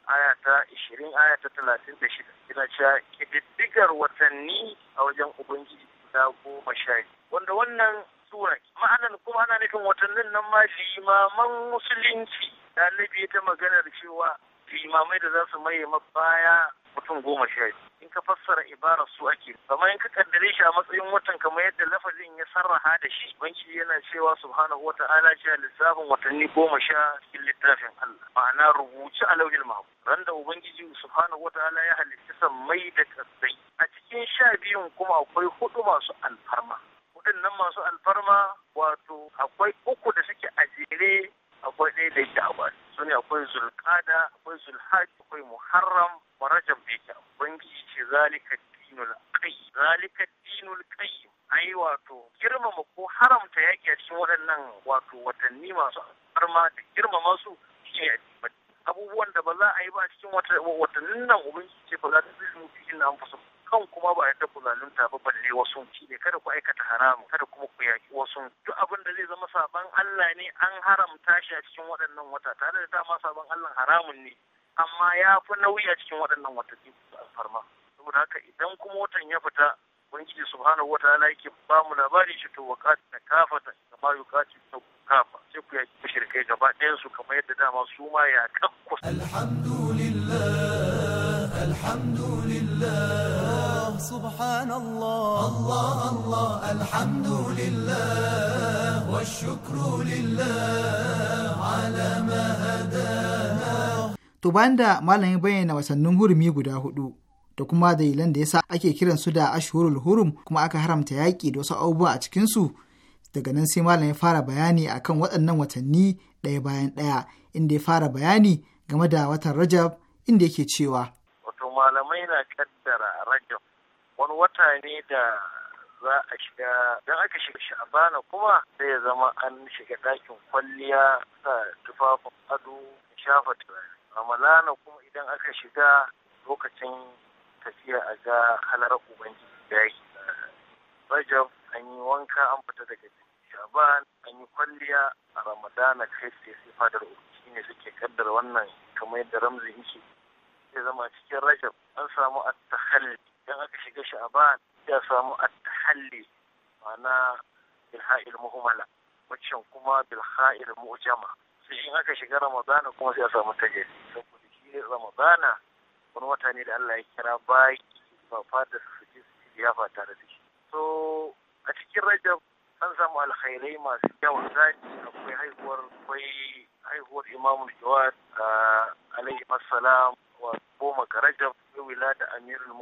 aya ta 20 aya ta 36 ina cewa kididdigar watanni a wajen Ubangiji guda goma sha wanda wannan suwar ma'anar kuma ana nufin watannin nan ma limaman musulunci annabi ta maganar cewa limamai da za su maye baya mutum goma sha in ka fassara ibara su ake amma in ka kaddare shi a matsayin watan kamar yadda lafazin ya sarraha da shi banki yana cewa subhanahu wa ta'ala cewa lissafin watanni goma sha cikin littafin Allah ma'ana rubuci a lauhin ran da ubangiji subhanahu wa ta'ala ya halitta mai da kasai a cikin sha biyun kuma akwai hudu masu alfarma ɗin nan masu alfarma wato akwai uku da suke a jere akwai ɗaya da yake a su ne akwai zulkada akwai zulhaj akwai muharram wa rajab da yake ubangiji ce zalika dinul qayyim zalika dinul qayyim ai wato girmama ko haramta yaki a cikin waɗannan wato watanni masu alfarma da girmama su shi ne abubuwan da ba za a yi ba cikin watannin nan ubangiji ce ba za ta zai mutu na an kan kuma ba a yadda ku zalunta ba balle wasu shi ne kada ku aikata haramu kada kuma ku yaki wasu duk abin da zai zama sabon Allah ne an haramta shi a cikin waɗannan wata tare da dama sabon Allah haramun ne amma ya fi nauyi a cikin waɗannan watanni alfarma saboda haka idan kuma watan ya fita ubangiji subhanahu wataala yake ba mu labari shi to wakati na kafata kama yukati ta kafa sai ku yaki shirkai gaba ɗayan su kamar yadda dama su ma ya kakkusa alhamdulillah alhamdulillah سبحان الله الله الله الحمد لله والشكر لله على ما هدانا to bayan da malamin bayyana wasannin hurumi guda hudu da kuma dalilan da yasa ake kiran su da ashhurul hurum kuma aka haramta yaƙi da wasu abubuwa a cikin su daga nan sai malamin fara bayani akan waɗannan watanni ɗaya bayan ɗaya inda ya fara bayani game da watan rajab inda yake cewa wato malamai na kaddara rajab wani wata ne da za a shiga don aka shiga sha'abana kuma sai ya zama an shiga ɗakin kwalliya sa tufafin ado shafa ramalana kuma idan aka shiga lokacin tafiya a ga halar ubangiji da yake rajab an yi wanka an fita daga shaban an yi kwalliya a ramadana kai sai sai fadar ubangi ne suke kaddara wannan kamar yadda ramzi yake zai zama cikin rajab an samu at-tahalli idan aka shiga sha'aban ya samu at halli ma'ana bilha'il muhmala waccan kuma bilha'il mu'jama sai in aka shiga ramadana kuma sai ya samu tajalli saboda shi ramadana wani wata ne da Allah ya kira baki ba fada su ji su ji ya fata da shi so a cikin rajab an samu alkhairai masu yawan zaji akwai haihuwar akwai haihuwar imamu jawad alaihi assalam wa goma ga rajab wila da amirul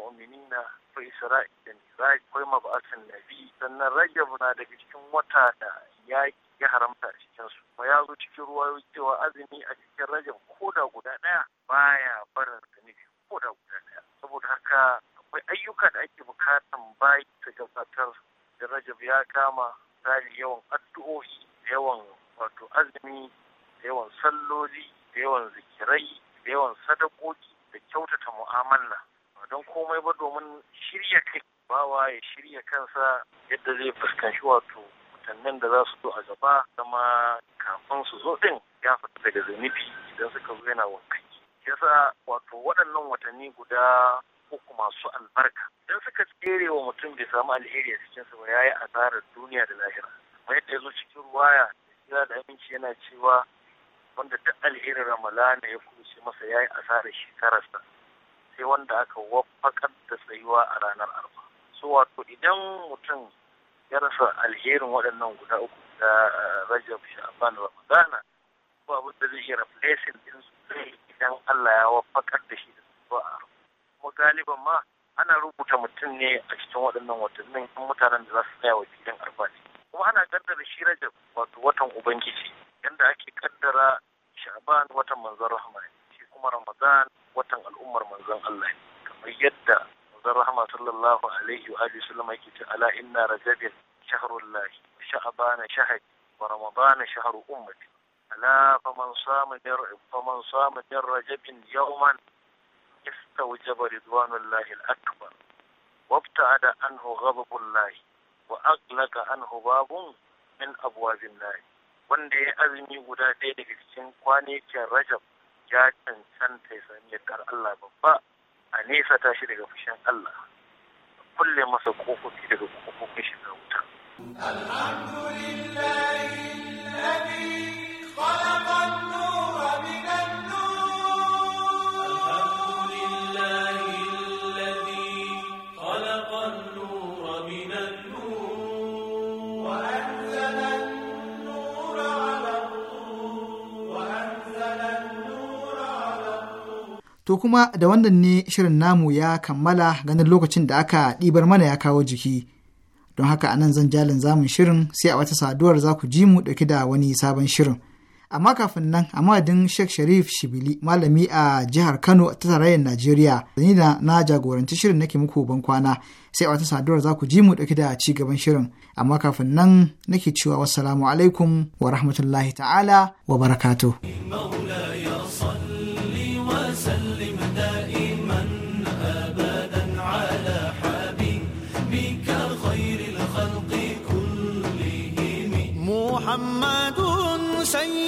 na fa isra'ilin iraq akwai nabi sannan rajab na daga cikin wata da yaƙi ya haramta a cikinsu ba ya zo cikin ruwa cewa azumi a cikin rajab ko da guda ɗaya baya barin ne ko da guda ɗaya saboda haka akwai ayyuka da ake bukatan bayi ta gabatar da rajab ya kama misali yawan addu'o'i da yawan wato azumi da yawan salloli da yawan zikirai da yawan sadakoki da kyautata mu'amala don komai ba domin shirya kai bawa ya shirya kansa yadda zai fuskanci wato mutanen da za su zo a gaba Zama kafin su zo din ya fita daga zunubi idan suka zo yana wankaki yasa wato waɗannan watanni guda uku masu albarka idan suka tsere wa mutum bai samu alheri a cikinsa ba yayi yi asarar duniya da lahira kamar yadda ya zo cikin ruwaya da da aminci yana cewa wanda duk alherin ramalana ya kushe masa ya yi asarar shekararsa sai wanda aka wafakar da tsayuwa a ranar arba so wato idan mutum ya rasa alherin waɗannan guda uku da eh, rajab sha'ban ramadana ko abin da zai replacing din su zai idan Allah ya wafakar da shi da tsayuwa a arba. kuma galiban ma ana rubuta mutum ne a cikin waɗannan watannin mutanen da za su tsaya wa filin ne kuma ana kaddara shi rajab wato watan ubangiji yadda ake kaddara sha'ban watan manzon rahma shi kuma ramadan watan al'ummar manzon Allah kamar yadda manzon rahma sallallahu alaihi wa alihi sallama yake ce ala inna rajabin shahrul lahi sha'ban shahri wa ramadan shahru ummati ala faman sama faman sama min rajabin yawman استوجب رضوان الله الأكبر وابتعد عنه غضب الله وأغلق عنه باب من أبواب النار wanda ya azumi guda ɗaya daga cikin kwanakin rajab ya cancanta ya sami Allah babba a nesa tashi daga fushin Allah kulle masa kofofi daga kofofin shiga wuta. Alhamdulillahi To kuma da wannan ne shirin namu ya kammala ganin lokacin da aka ɗibar mana ya kawo jiki. Don haka anan zan jalin zamun shirin sai a wata saduwar za ku ji mu ɗauki da wani sabon shirin. Amma kafin nan a madadin Sheikh Sharif Shibili malami a jihar Kano ta tarayyar Najeriya da ni da na jagoranci shirin nake muku ban kwana sai a wata saduwar za ku ji mu ɗauki da ci gaban shirin. Amma kafin nan nake cewa wassalamu alaikum wa rahmatullahi ta'ala wa barakatuh. 神。